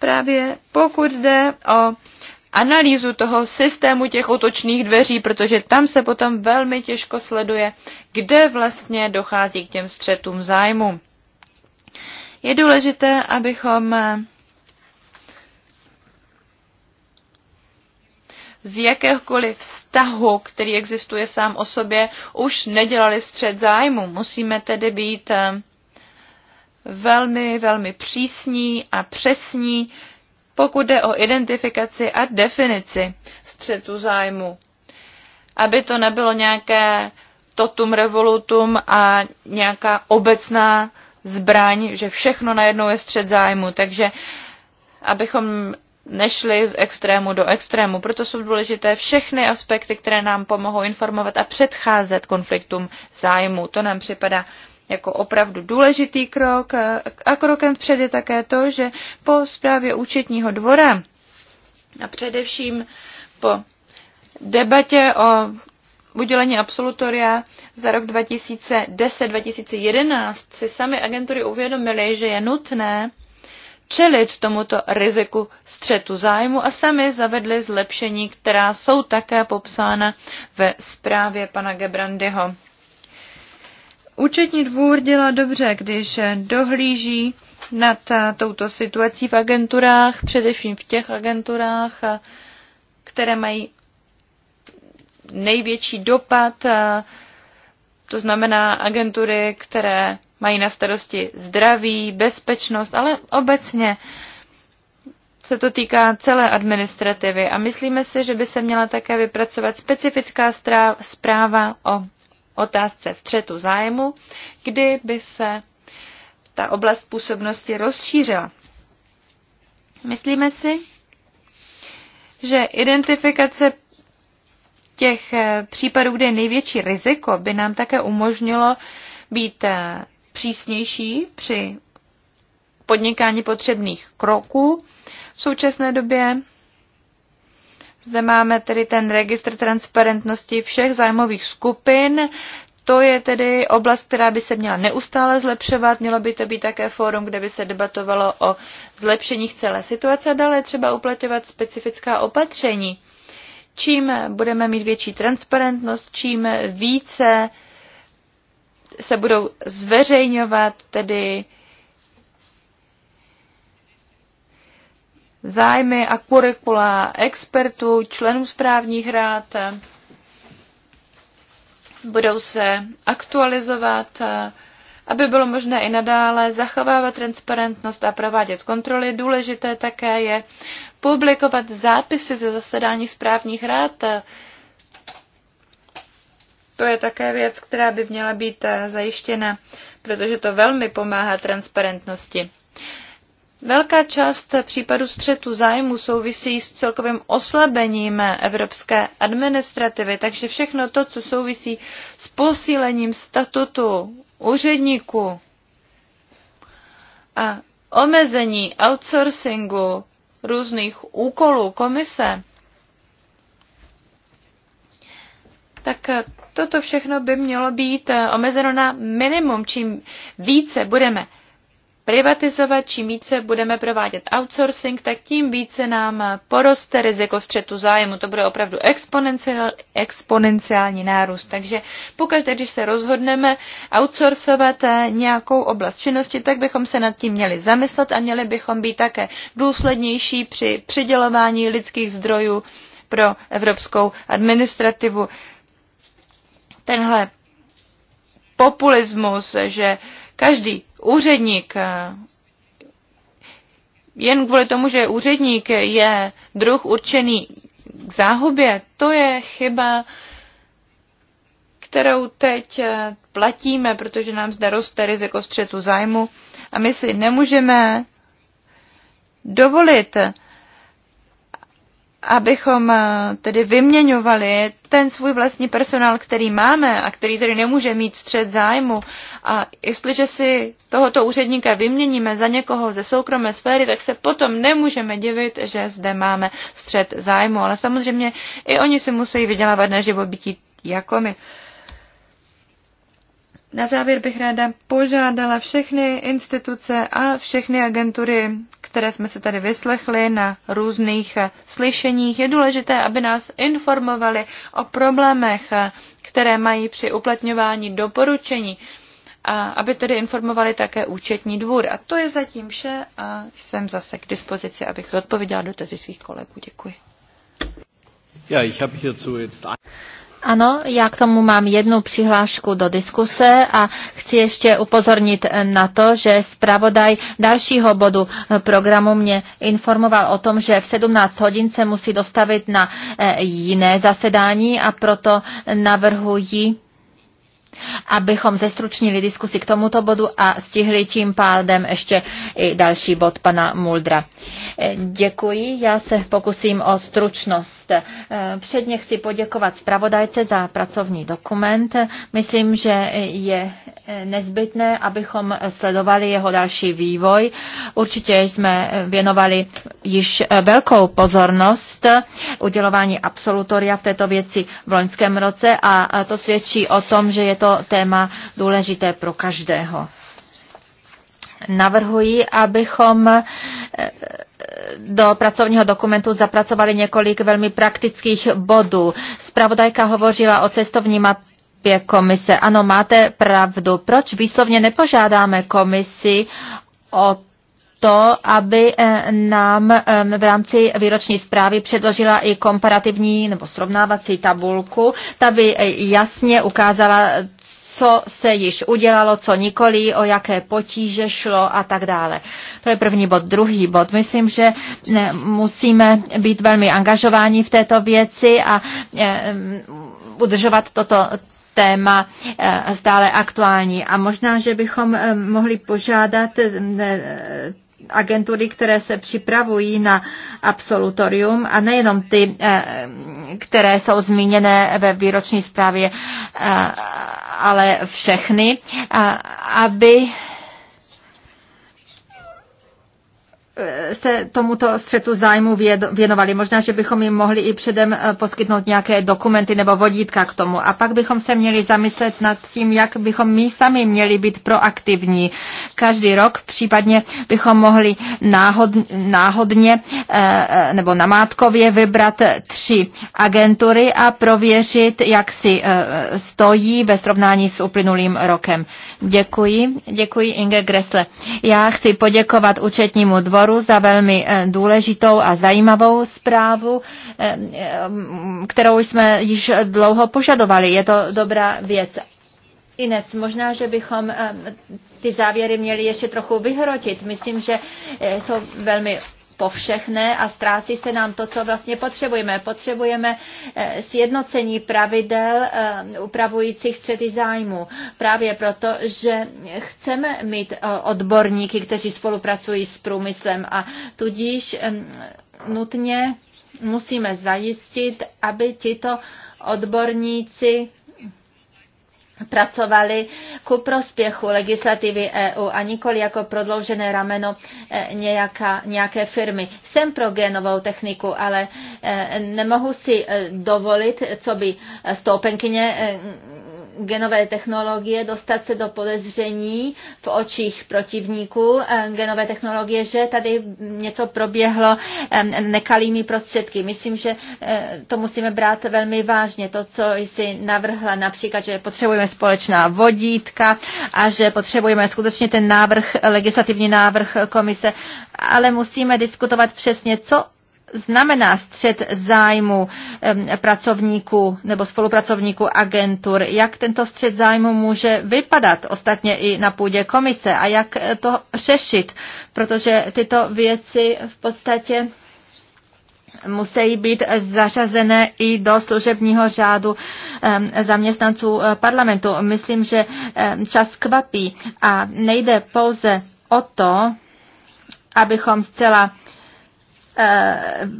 právě pokud jde o analýzu toho systému těch otočných dveří, protože tam se potom velmi těžko sleduje, kde vlastně dochází k těm střetům zájmu. Je důležité, abychom z jakéhokoliv vztahu, který existuje sám o sobě, už nedělali střed zájmu. Musíme tedy být eh, velmi, velmi přísní a přesní, pokud jde o identifikaci a definici střetu zájmu. Aby to nebylo nějaké totum revolutum a nějaká obecná zbraň, že všechno najednou je střed zájmu. Takže abychom nešli z extrému do extrému. Proto jsou důležité všechny aspekty, které nám pomohou informovat a předcházet konfliktům zájmu. To nám připadá jako opravdu důležitý krok a krokem vpřed je také to, že po zprávě účetního dvora a především po debatě o udělení absolutoria za rok 2010-2011 si sami agentury uvědomili, že je nutné čelit tomuto riziku střetu zájmu a sami zavedli zlepšení, která jsou také popsána ve zprávě pana Gebrandyho. Účetní dvůr dělá dobře, když dohlíží nad eh, touto situací v agenturách, především v těch agenturách, eh, které mají největší dopad, eh, to znamená agentury, které mají na starosti zdraví, bezpečnost, ale obecně se to týká celé administrativy a myslíme si, že by se měla také vypracovat specifická zpráva o otázce střetu zájmu, kdy by se ta oblast působnosti rozšířila. Myslíme si, že identifikace těch eh, případů, kde je největší riziko, by nám také umožnilo být eh, přísnější při podnikání potřebných kroků. V současné době zde máme tedy ten registr transparentnosti všech zájmových skupin. To je tedy oblast, která by se měla neustále zlepšovat. Mělo by to být také fórum, kde by se debatovalo o zlepšeních celé situace a dále třeba uplatňovat specifická opatření. Čím budeme mít větší transparentnost, čím více se budou zveřejňovat tedy zájmy a kurikula expertů, členů správních rád. Budou se aktualizovat, aby bylo možné i nadále zachovávat transparentnost a provádět kontroly. Důležité také je publikovat zápisy ze zasedání správních rád. To je také věc, která by měla být eh, zajištěna, protože to velmi pomáhá transparentnosti. Velká část případů střetu zájmu souvisí s celkovým oslabením evropské administrativy, takže všechno to, co souvisí s posílením statutu úředníků a omezení outsourcingu různých úkolů komise, tak toto všechno by mělo být omezeno na minimum. Čím více budeme privatizovat, čím více budeme provádět outsourcing, tak tím více nám poroste riziko střetu zájmu. To bude opravdu exponenciál, exponenciální nárůst. Takže pokud, když se rozhodneme outsourcovat nějakou oblast činnosti, tak bychom se nad tím měli zamyslet a měli bychom být také důslednější při přidělování lidských zdrojů pro evropskou administrativu. Tenhle populismus, že Každý úředník eh, jen kvůli tomu, že úředník je druh určený k záhubě, to je chyba, kterou teď eh, platíme, protože nám zde roste riziko střetu zájmu a my si nemůžeme dovolit abychom eh, tedy vyměňovali ten svůj vlastní personál, který máme a který tedy nemůže mít střed zájmu. A jestliže si tohoto úředníka vyměníme za někoho ze soukromé sféry, tak se potom nemůžeme divit, že zde máme střed zájmu. Ale samozřejmě i oni si musí vydělávat na živobytí jako my. Na závěr bych ráda požádala všechny instituce a všechny agentury, které jsme se tady vyslechli na různých eh, slyšeních. Je důležité, aby nás informovali o problémech, eh, které mají při uplatňování doporučení a aby tedy informovali také účetní dvůr. A to je zatím vše a jsem zase k dispozici, abych zodpověděla dotazy svých kolegů. Děkuji. Ja, ich habe hierzu jetzt... Ano, já k tomu mám jednu přihlášku do diskuse a chci ještě upozornit na to, že zpravodaj dalšího bodu programu mě informoval o tom, že v 17 hodin se musí dostavit na eh, jiné zasedání a proto navrhuji abychom zestručnili diskusi k tomuto bodu a stihli tím pádem ještě i další bod pana Muldra. E, děkuji, já se pokusím o stručnost. E, předně chci poděkovat zpravodajce za pracovní dokument. Myslím, že je e, nezbytné, abychom sledovali jeho další vývoj. Určitě jsme věnovali již eh, velkou pozornost eh, udělování absolutoria v této věci v loňském roce a eh, to svědčí o tom, že je to téma důležité pro každého. Navrhuji, abychom do pracovního dokumentu zapracovali několik velmi praktických bodů. Spravodajka hovořila o cestovní mapě komise. Ano, máte pravdu. Proč výslovně nepožádáme komisi o to, aby eh, nám eh, v rámci výroční zprávy předložila i komparativní nebo srovnávací tabulku. Ta by eh, jasně ukázala, co se již udělalo, co nikoli, o jaké potíže šlo a tak dále. To je první bod. Druhý bod. Myslím, že musíme být velmi angažováni v této věci a mm, udržovat toto téma stále aktuální. A možná, že bychom mohli požádat agentury, které se připravují na absolutorium a nejenom ty, eh, které jsou zmíněné ve výroční zprávě, eh, ale všechny, eh, aby Eh, se tomuto střetu zájmu věnovali. Možná, že bychom jim mohli i předem eh, poskytnout nějaké dokumenty nebo vodítka k tomu. A pak bychom se měli zamyslet nad tím, jak bychom my sami měli být proaktivní. Každý rok případně bychom mohli náhod, náhodně eh, nebo namátkově vybrat tři agentury a prověřit, jak si stojí ve srovnání s uplynulým rokem. Děkuji. Děkuji Inge Gressle. Já chci poděkovat účetnímu dvoru výboru za velmi eh, důležitou a zajímavou zprávu, eh, eh, kterou jsme již dlouho požadovali. Je to dobrá věc. Ines, možná, že bychom ty závěry měli ještě trochu vyhrotit. Myslím, že jsou velmi povšechné a ztrácí se nám to, co vlastně potřebujeme. Potřebujeme eh, sjednocení pravidel eh, upravujících střety zájmu. Právě proto, že chceme mít eh, odborníky, kteří spolupracují s průmyslem a tudíž nutně musíme zajistit, aby tito odborníci pracovali ku prospěchu legislativy EU a nikoli jako prodloužené rameno e, nějaká, nějaké firmy. Jsem pro genovou techniku, ale e, nemohu si e, dovolit, co by stoupenkyně genové technologie dostat se do podezření v očích protivníků eh, genové technologie, že tady něco proběhlo eh, nekalými prostředky. Myslím, že eh, to musíme brát velmi vážně. To, co jsi navrhla například, že potřebujeme společná vodítka a že potřebujeme skutečně ten návrh, legislativní návrh komise, ale musíme diskutovat přesně, co znamená střed zájmu pracovníků nebo spolupracovníků agentur, jak tento střed zájmu může vypadat ostatně i na půdě komise a jak to řešit, protože tyto věci v podstatě musí být zařazené i do služebního řádu zaměstnanců eh, parlamentu. Myslím, že čas kvapí a nejde pouze o to, abychom zcela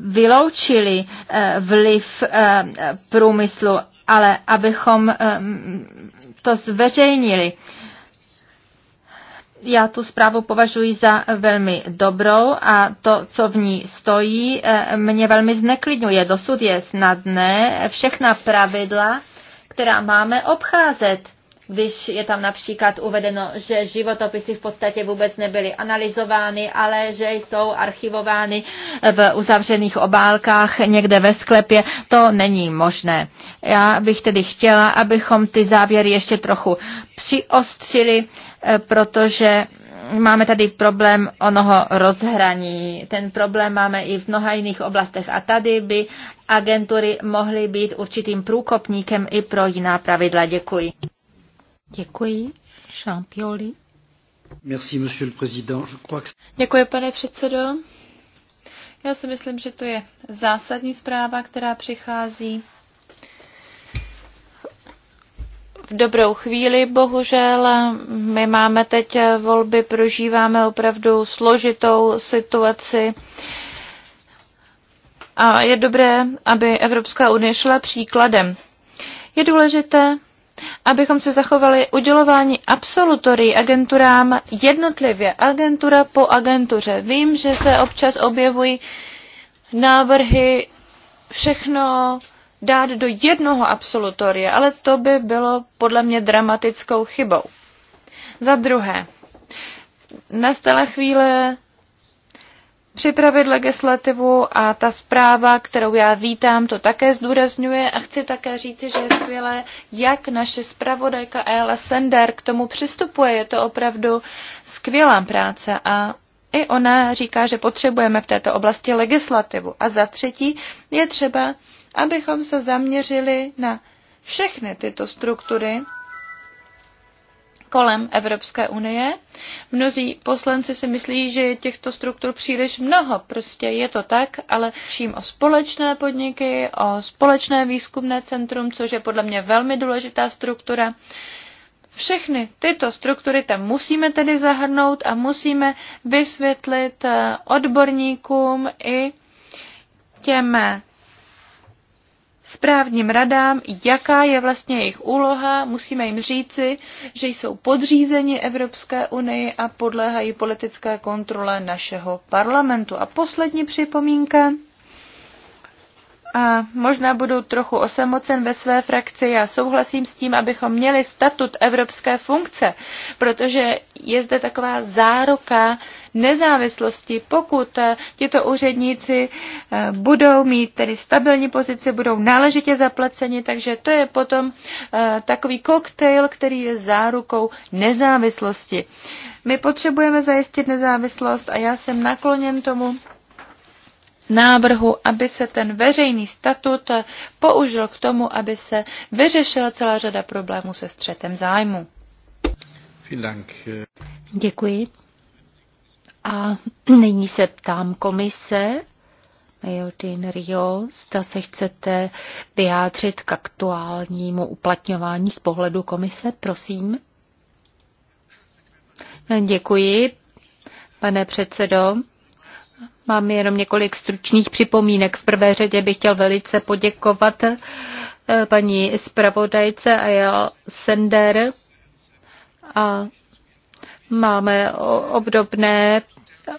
vyloučili eh, vliv eh, průmyslu, ale abychom eh, to zveřejnili. Já tu zprávu považuji za velmi dobrou a to, co v ní stojí, mě velmi zneklidňuje. Dosud je snadné všechna pravidla, která máme obcházet když je tam například uvedeno, že životopisy v podstatě vůbec nebyly analyzovány, ale že jsou archivovány v uzavřených obálkách někde ve sklepě, to není možné. Já bych tedy chtěla, abychom ty závěry ještě trochu přiostřili, eh, protože máme tady problém onoho rozhraní. Ten problém máme i v mnoha jiných oblastech a tady by agentury mohly být určitým průkopníkem i pro jiná pravidla. Děkuji. Děkuji. Děkuji, pane předsedo. Já si myslím, že to je zásadní zpráva, která přichází v dobrou chvíli, bohužel. My máme teď volby, prožíváme opravdu složitou situaci. A je dobré, aby Evropská unie šla příkladem. Je důležité, abychom se zachovali udělování absolutorií agenturám jednotlivě, agentura po agentuře. Vím, že se občas objevují návrhy všechno dát do jednoho absolutoria, ale to by bylo podle mě dramatickou chybou. Za druhé, nastala chvíle připravit legislativu a ta zpráva, kterou já vítám, to také zdůrazňuje a chci také říci, že je skvělé, jak naše zpravodajka Ela Sender k tomu přistupuje. Je to opravdu skvělá práce a i ona říká, že potřebujeme v této oblasti legislativu. A za třetí je třeba, abychom se zaměřili na všechny tyto struktury, kolem Evropské unie. Mnozí poslanci si myslí, že je těchto struktur příliš mnoho. Prostě je to tak, ale vším o společné podniky, o společné výzkumné centrum, což je podle mě velmi důležitá struktura. Všechny tyto struktury tam musíme tedy zahrnout a musíme vysvětlit eh, odborníkům i těm správním radám, jaká je vlastně jejich úloha. Musíme jim říci, že jsou podřízeni Evropské unii a podléhají politické kontrole našeho parlamentu. A poslední připomínka. A možná budu trochu osamocen ve své frakci. Já souhlasím s tím, abychom měli statut evropské funkce, protože je zde taková záruka, nezávislosti, pokud eh, tito úředníci eh, budou mít tedy stabilní pozici, budou náležitě zaplaceni, takže to je potom eh, takový koktejl, který je zárukou nezávislosti. My potřebujeme zajistit nezávislost a já jsem nakloněn tomu, návrhu, aby se ten veřejný statut použil k tomu, aby se vyřešila celá řada problémů se střetem zájmu. Děkuji. A nyní se ptám komise, Mayotin Rio, zda se chcete vyjádřit k aktuálnímu uplatňování z pohledu komise, prosím. No, děkuji, pane předsedo. Mám jenom několik stručných připomínek. V prvé řadě bych chtěl velice poděkovat eh, paní zpravodajce Ayal Sender a Máme obdobné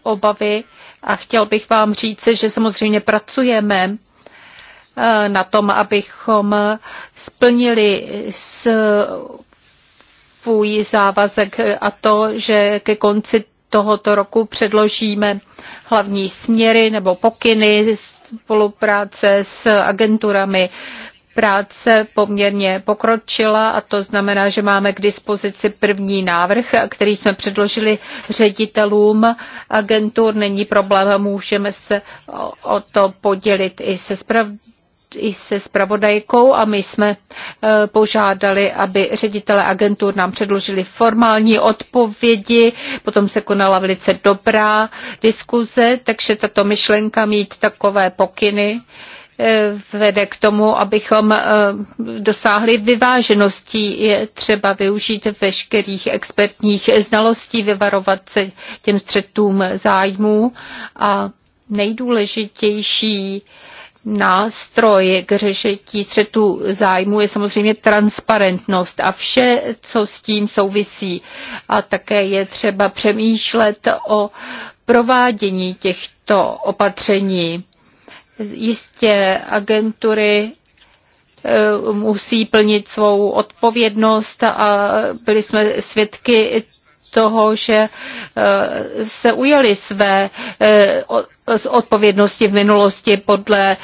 obavy a chtěl bych vám říct, že samozřejmě pracujeme eh, na tom, abychom splnili svůj závazek a to, že ke konci tohoto roku předložíme hlavní směry nebo pokyny spolupráce s agenturami práce poměrně pokročila a to znamená, že máme k dispozici první návrh, který jsme předložili ředitelům agentur. Není problém, můžeme se o to podělit i se spravedlivostí i se spravodajkou a my jsme e, požádali, aby ředitele agentur nám předložili formální odpovědi, potom se konala velice dobrá diskuze, takže tato myšlenka mít takové pokyny Eh, vede k tomu, abychom eh, dosáhli vyváženosti, Je třeba využít veškerých expertních znalostí, vyvarovat se těm střetům zájmů a nejdůležitější nástroj k řešení střetu zájmu je samozřejmě transparentnost a vše, co s tím souvisí. A také je třeba přemýšlet o provádění těchto opatření. Jistě agentury eh, musí plnit svou odpovědnost a byli jsme svědky toho, že eh, se ujeli své eh, z odpovědnosti v minulosti podle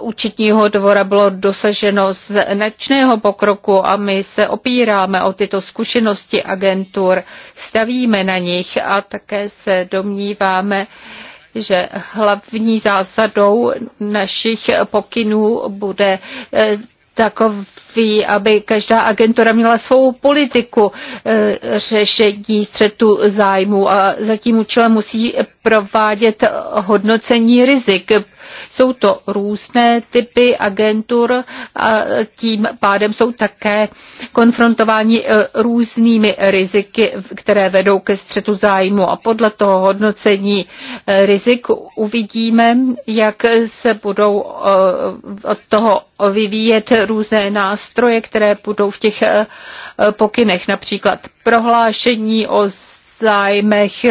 účetního dvora bylo dosaženo značného pokroku a my se opíráme o tyto zkušenosti agentur, stavíme na nich a také se domníváme, že hlavní zásadou našich pokynů bude eh, takový, aby každá agentura měla svou politiku eh, řešení střetu zájmu a za tím účelem musí provádět hodnocení rizik jsou to různé typy agentur a tím pádem jsou také konfrontováni e, různými riziky, které vedou ke střetu zájmu. A podle toho hodnocení e, rizik uvidíme, jak se budou e, od toho vyvíjet různé nástroje, které budou v těch pokynech, například prohlášení o zájmech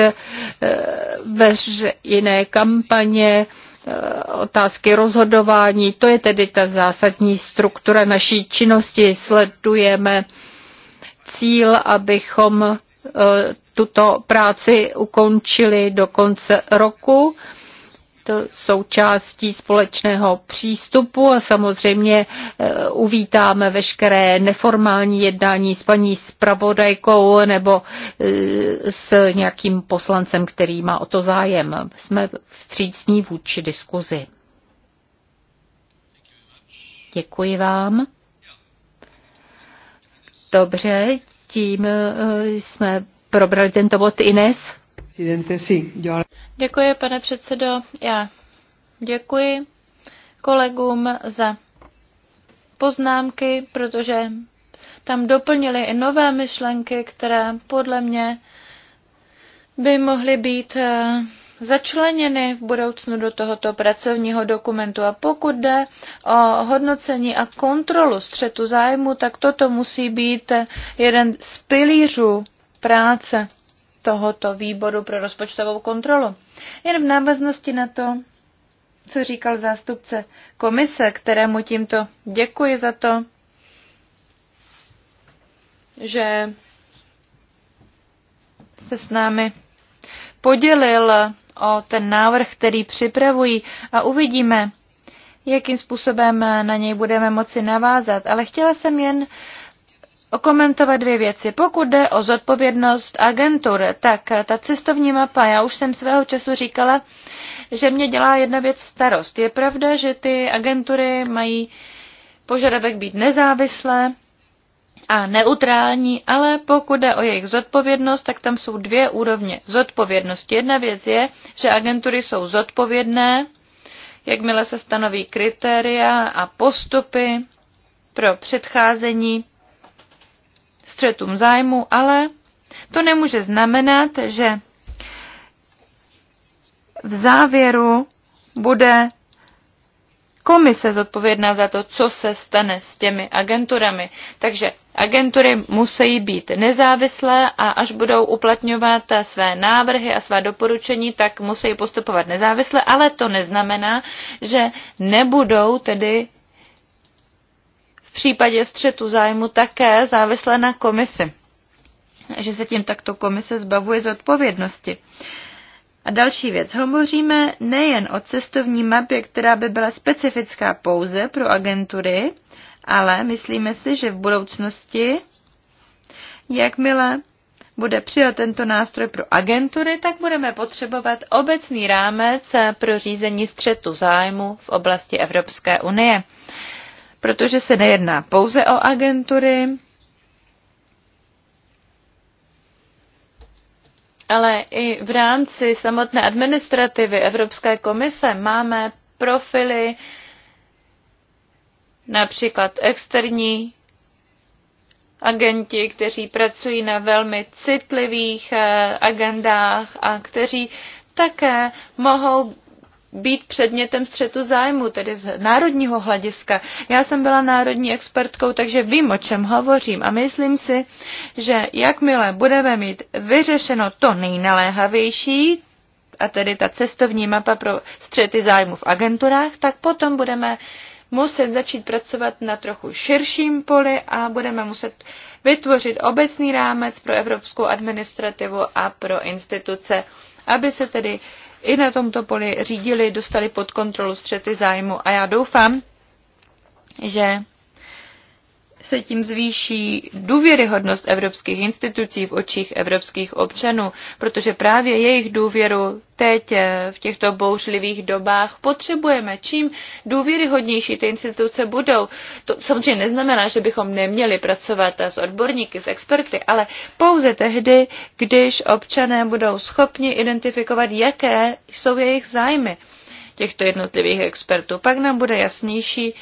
veřejné kampaně, Eh, otázky rozhodování. To je tedy ta zásadní struktura naší činnosti. Sledujeme cíl, abychom eh, tuto práci ukončili do konce roku to součástí společného přístupu a samozřejmě eh, uvítáme veškeré neformální jednání s paní spravodajkou nebo eh, s nějakým poslancem, který má o to zájem. Jsme vstřícní vůči diskuzi. Děkuji vám. Dobře, tím eh, jsme probrali tento bod Ines. Děkuji, pane předsedo. Já děkuji kolegům za poznámky, protože tam doplnili i nové myšlenky, které podle mě by mohly být eh, začleněny v budoucnu do tohoto pracovního dokumentu. A pokud jde o hodnocení a kontrolu střetu zájmu, tak toto musí být eh, jeden z pilířů práce tohoto výboru pro rozpočtovou kontrolu. Jen v návaznosti na to, co říkal zástupce komise, kterému tímto děkuji za to, že se s námi podělil o ten návrh, který připravují a uvidíme, jakým způsobem na něj budeme moci navázat. Ale chtěla jsem jen okomentovat dvě věci. Pokud jde o zodpovědnost agentur, tak ta cestovní mapa, já už jsem svého času říkala, že mě dělá jedna věc starost. Je pravda, že ty agentury mají požadavek být nezávislé a neutrální, ale pokud jde o jejich zodpovědnost, tak tam jsou dvě úrovně zodpovědnosti. Jedna věc je, že agentury jsou zodpovědné, jakmile se stanoví kritéria a postupy pro předcházení střetům zájmu, ale to nemůže znamenat, že v závěru bude komise zodpovědná za to, co se stane s těmi agenturami. Takže agentury musí být nezávislé a až budou uplatňovat své návrhy a svá doporučení, tak musí postupovat nezávisle, ale to neznamená, že nebudou tedy případě střetu zájmu také závislé na komisi. Že se tím takto komise zbavuje z odpovědnosti. A další věc. Hovoříme nejen o cestovní mapě, která by byla specifická pouze pro agentury, ale myslíme si, že v budoucnosti, jakmile bude přijat tento nástroj pro agentury, tak budeme potřebovat obecný rámec pro řízení střetu zájmu v oblasti Evropské unie protože se nejedná pouze o agentury, ale i v rámci samotné administrativy Evropské komise máme profily, například externí agenti, kteří pracují na velmi citlivých eh, agendách a kteří také mohou být předmětem střetu zájmu, tedy z národního hlediska. Já jsem byla národní expertkou, takže vím, o čem hovořím a myslím si, že jakmile budeme mít vyřešeno to nejnaléhavější, a tedy ta cestovní mapa pro střety zájmu v agenturách, tak potom budeme muset začít pracovat na trochu širším poli a budeme muset vytvořit obecný rámec pro evropskou administrativu a pro instituce, aby se tedy i na tomto poli řídili, dostali pod kontrolu střety zájmu a já doufám, že se tím zvýší důvěryhodnost evropských institucí v očích evropských občanů, protože právě jejich důvěru teď eh, v těchto bouřlivých dobách potřebujeme. Čím důvěryhodnější ty instituce budou, to samozřejmě neznamená, že bychom neměli pracovat eh, s odborníky, s experty, ale pouze tehdy, když občané budou schopni identifikovat, jaké jsou jejich zájmy těchto jednotlivých expertů. Pak nám bude jasnější,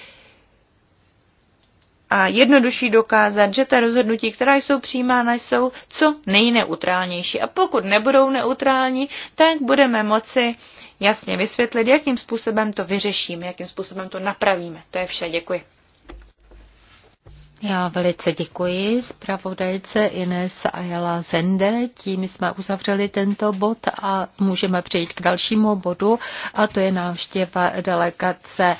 a jednodušší dokázat, že ta rozhodnutí, která jsou přijímána, jsou co nejneutrálnější. A pokud nebudou neutrální, tak budeme moci jasně vysvětlit, jakým způsobem to vyřešíme, jakým způsobem to napravíme. To je vše, děkuji. Já velice děkuji zpravodajce Ines Ayala Zende. Tím jsme uzavřeli tento bod a můžeme přejít k dalšímu bodu a to je návštěva delegace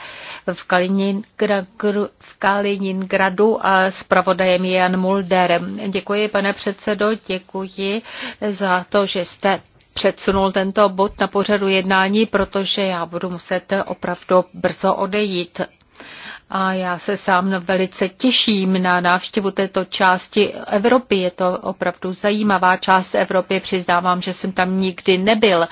v, Kaliningradu, v Kaliningradu a zpravodajem Jan Mulder. Děkuji, pane předsedo, děkuji za to, že jste předsunul tento bod na pořadu jednání, protože já budu muset opravdu brzo odejít a já se sám velice těším na návštěvu této části Evropy. Je to opravdu zajímavá část Evropy, přiznávám, že jsem tam nikdy nebyl.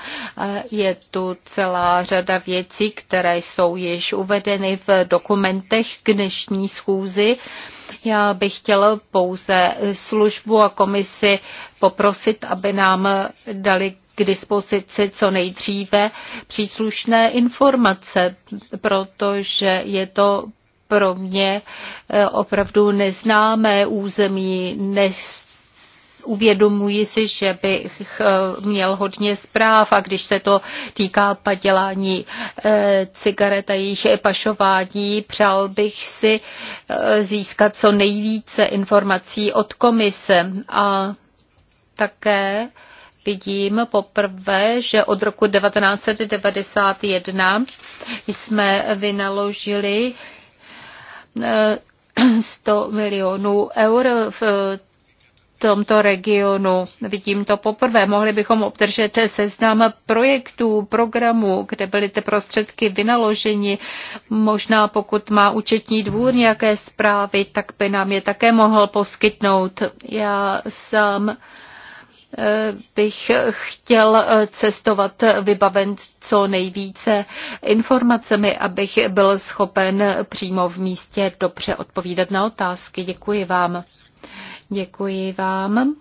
Je tu celá řada věcí, které jsou již uvedeny v dokumentech k dnešní schůzi. Já bych chtěl pouze službu a komisi poprosit, aby nám dali k dispozici co nejdříve příslušné informace, protože je to pro mě eh, opravdu neznámé území, nes uvědomuji si, že bych eh, měl hodně zpráv a když se to týká padělání eh, cigaret a jejich pašování, přál bych si získat co nejvíce informací od komise a také vidím poprvé, že od roku 1991 jsme vynaložili 100 eh, (clears throat) milionů eur v tomto regionu. Vidím to poprvé. Mohli bychom obdržet seznam projektů, programů, kde byly ty prostředky vynaloženi. Možná pokud má účetní dvůr nějaké zprávy, tak by nám je také mohl poskytnout. Já sám bych chtěl eh, cestovat vybaven co nejvíce informacemi, abych byl schopen přímo v místě dobře odpovídat na otázky. Děkuji vám. Děkuji vám.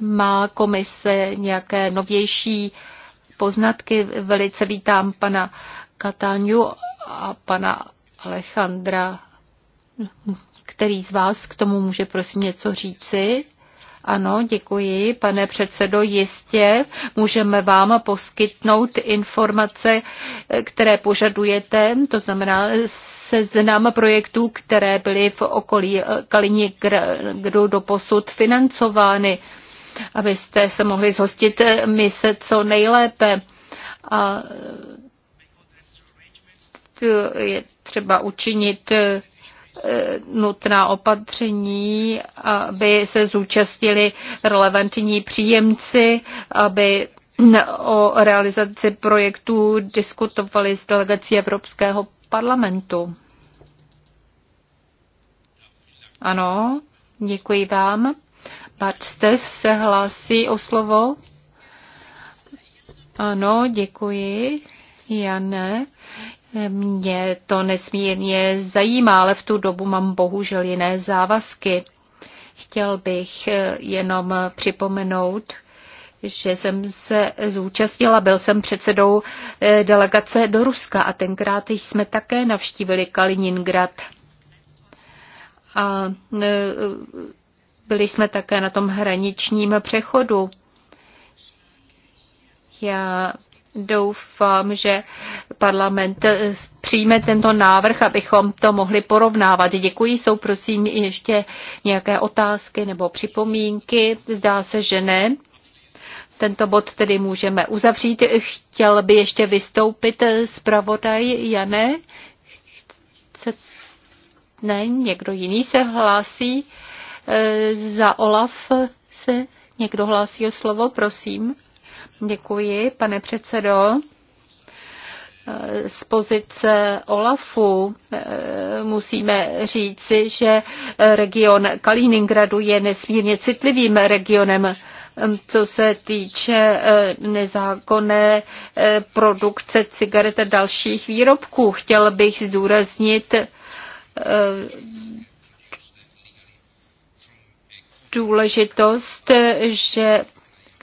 Má komise nějaké novější poznatky? Velice vítám pana Katáňu a pana Alejandra který z vás k tomu může prosím něco říci? Ano, děkuji, pane předsedo. Jistě můžeme vám poskytnout informace, které požadujete, to znamená seznam projektů, které byly v okolí do doposud financovány, abyste se mohli zhostit mise co nejlépe. A je třeba učinit Eh, nutná opatření, aby se zúčastnili relevantní příjemci, aby o realizaci projektů diskutovali s delegací Evropského parlamentu. Ano, děkuji vám. Bart Stes se hlásí o slovo. Ano, děkuji. Jane, mě to nesmírně zajímá, ale v tu dobu mám bohužel jiné závazky. Chtěl bych jenom připomenout, že jsem se zúčastnila, byl jsem předsedou eh, delegace do Ruska a tenkrát jsme také navštívili Kaliningrad. A eh, byli jsme také na tom hraničním přechodu. Já doufám, že parlament eh, přijme tento návrh, abychom to mohli porovnávat. Děkuji. Jsou prosím ještě nějaké otázky nebo připomínky? Zdá se, že ne. Tento bod tedy můžeme uzavřít. Chtěl by ještě vystoupit eh, zpravodaj Jane? Chce... Ne, někdo jiný se hlásí. E, Za Olaf se někdo hlásí o slovo, prosím. Děkuji, pane předsedo z pozice OLAFu eh, musíme říci, že region Kaliningradu je nesmírně citlivým regionem, co se týče eh, nezákonné eh, produkce cigaret a dalších výrobků. Chtěl bych zdůraznit důležitost, že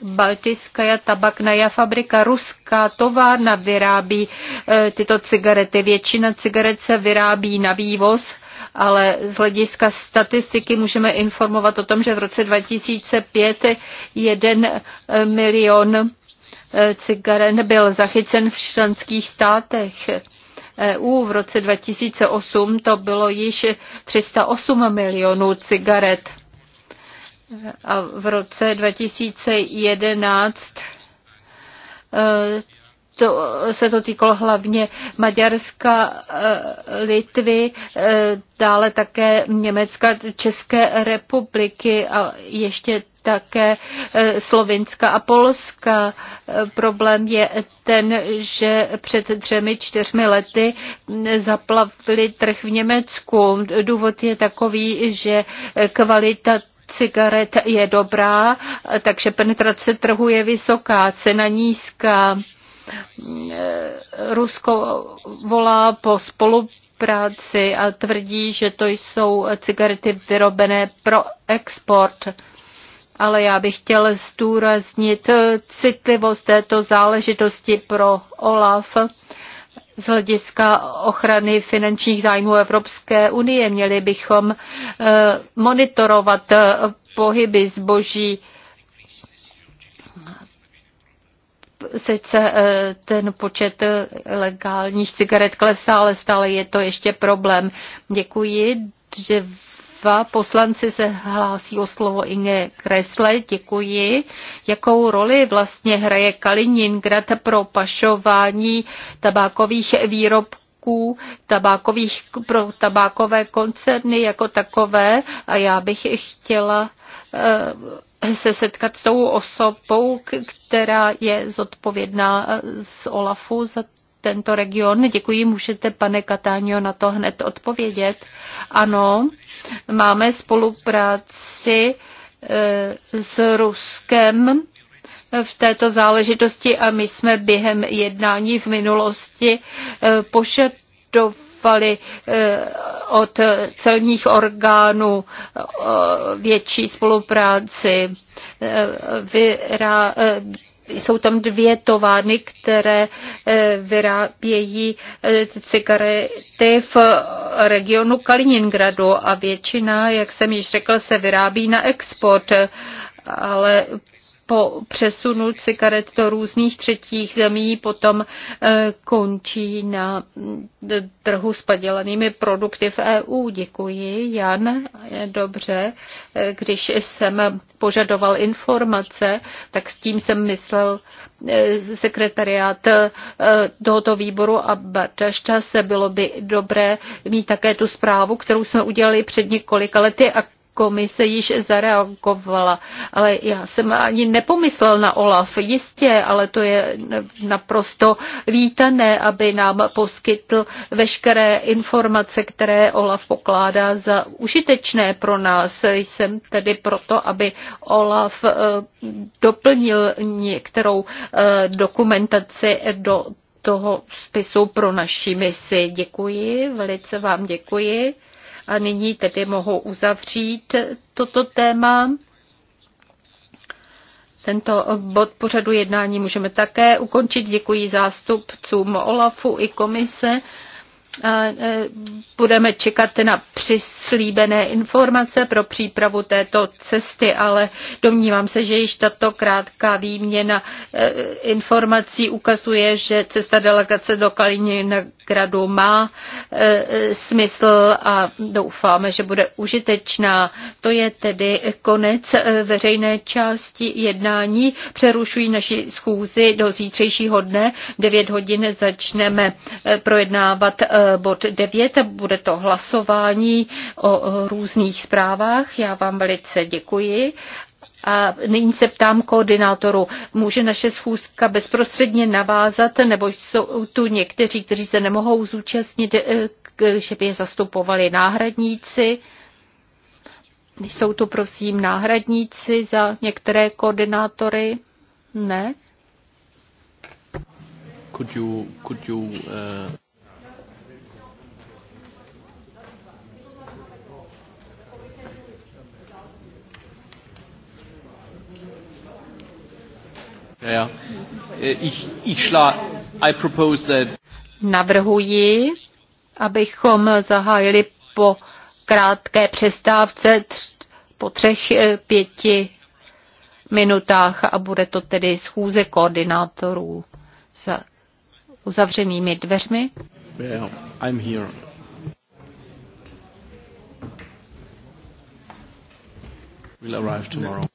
Baltická tabakná fabrika, ruská továrna vyrábí eh, tyto cigarety. Většina cigaret se vyrábí na vývoz, ale z hlediska statistiky můžeme informovat o tom, že v roce 2005 jeden eh, milion eh, cigaret byl zachycen v členských státech. EU v roce 2008 to bylo již 308 milionů cigaret. A v roce 2011 eh, to, se to týkalo hlavně Maďarska, eh, Litvy, eh, dále také Německa, České republiky a ještě také Slovinska a Polska. Problém je ten, že před třemi, čtyřmi lety hm, zaplavili trh v Německu. Důvod je takový, že kvalita cigaret je dobrá, takže penetrace trhu je vysoká, cena nízká. Rusko volá po spolupráci a tvrdí, že to jsou cigarety vyrobené pro export. Ale já bych chtěl zdůraznit citlivost této záležitosti pro OLAF z hlediska ochrany finančních zájmů Evropské unie. Měli bychom eh, monitorovat eh, pohyby zboží. Sice eh, ten počet legálních cigaret klesá, ale stále je to ještě problém. Děkuji. Dva poslanci se hlásí o slovo Inge Kresle. Děkuji. Jakou roli vlastně hraje Kaliningrad pro pašování tabákových výrobků? tabákových, pro tabákové koncerny jako takové a já bych chtěla eh, se setkat s tou osobou, která je zodpovědná eh, z OLAFu za tento region? Děkuji, můžete, pane Katáňo na to hned odpovědět. Ano, máme spolupráci e, s Ruskem v této záležitosti a my jsme během jednání v minulosti e, pošetovali e, od celních orgánů větší spolupráci. Vyra, jsou tam dvě továrny, které eh, vyrábějí eh, cigarety v regionu Kaliningradu a většina, jak jsem již řekl, se vyrábí na export ale po přesunu cigaret do různých třetích zemí potom eh, končí na mm, trhu s padělanými produkty v EU. Děkuji, Jan. Dobře, eh, když jsem požadoval informace, tak s tím jsem myslel eh, sekretariát tohoto výboru a Bartašta se bylo by dobré mít také tu zprávu, kterou jsme udělali před několika lety a komise již zareagovala, ale já jsem ani nepomyslel na OLAF, jistě, ale to je naprosto vítané, aby nám poskytl veškeré informace, které OLAF pokládá za užitečné pro nás. Jsem tedy proto, aby OLAF eh, doplnil některou eh, dokumentaci do toho spisu pro naši misi. Děkuji, velice vám děkuji. A nyní tedy mohu uzavřít toto téma. Tento bod pořadu jednání můžeme také ukončit. Děkuji zástupcům OLAFu i komise. A e, budeme čekat na přislíbené informace pro přípravu této cesty, ale domnívám se, že již tato krátká výměna e, informací ukazuje, že cesta delegace do Kaliningradu má e, smysl a doufáme, že bude užitečná. To je tedy konec veřejné části jednání. Přerušují naši schůzi do zítřejšího dne. 9 hodin začneme projednávat bod 9. Bude to hlasování o různých zprávách. Já vám velice děkuji. A nyní se ptám koordinátoru, může naše schůzka bezprostředně navázat, nebo jsou tu někteří, kteří se nemohou zúčastnit, eh, že by je zastupovali náhradníci? Jsou tu prosím náhradníci za některé koordinátory? Ne? Could you, could you, uh... Ja. E, ich, ich schla, I propose that... Navrhuji, abychom zahájili po krátké přestávce tř, po třech e, pěti minutách a bude to tedy schůze koordinátorů za uzavřenými dveřmi. Yeah, I'm here. We'll arrive tomorrow.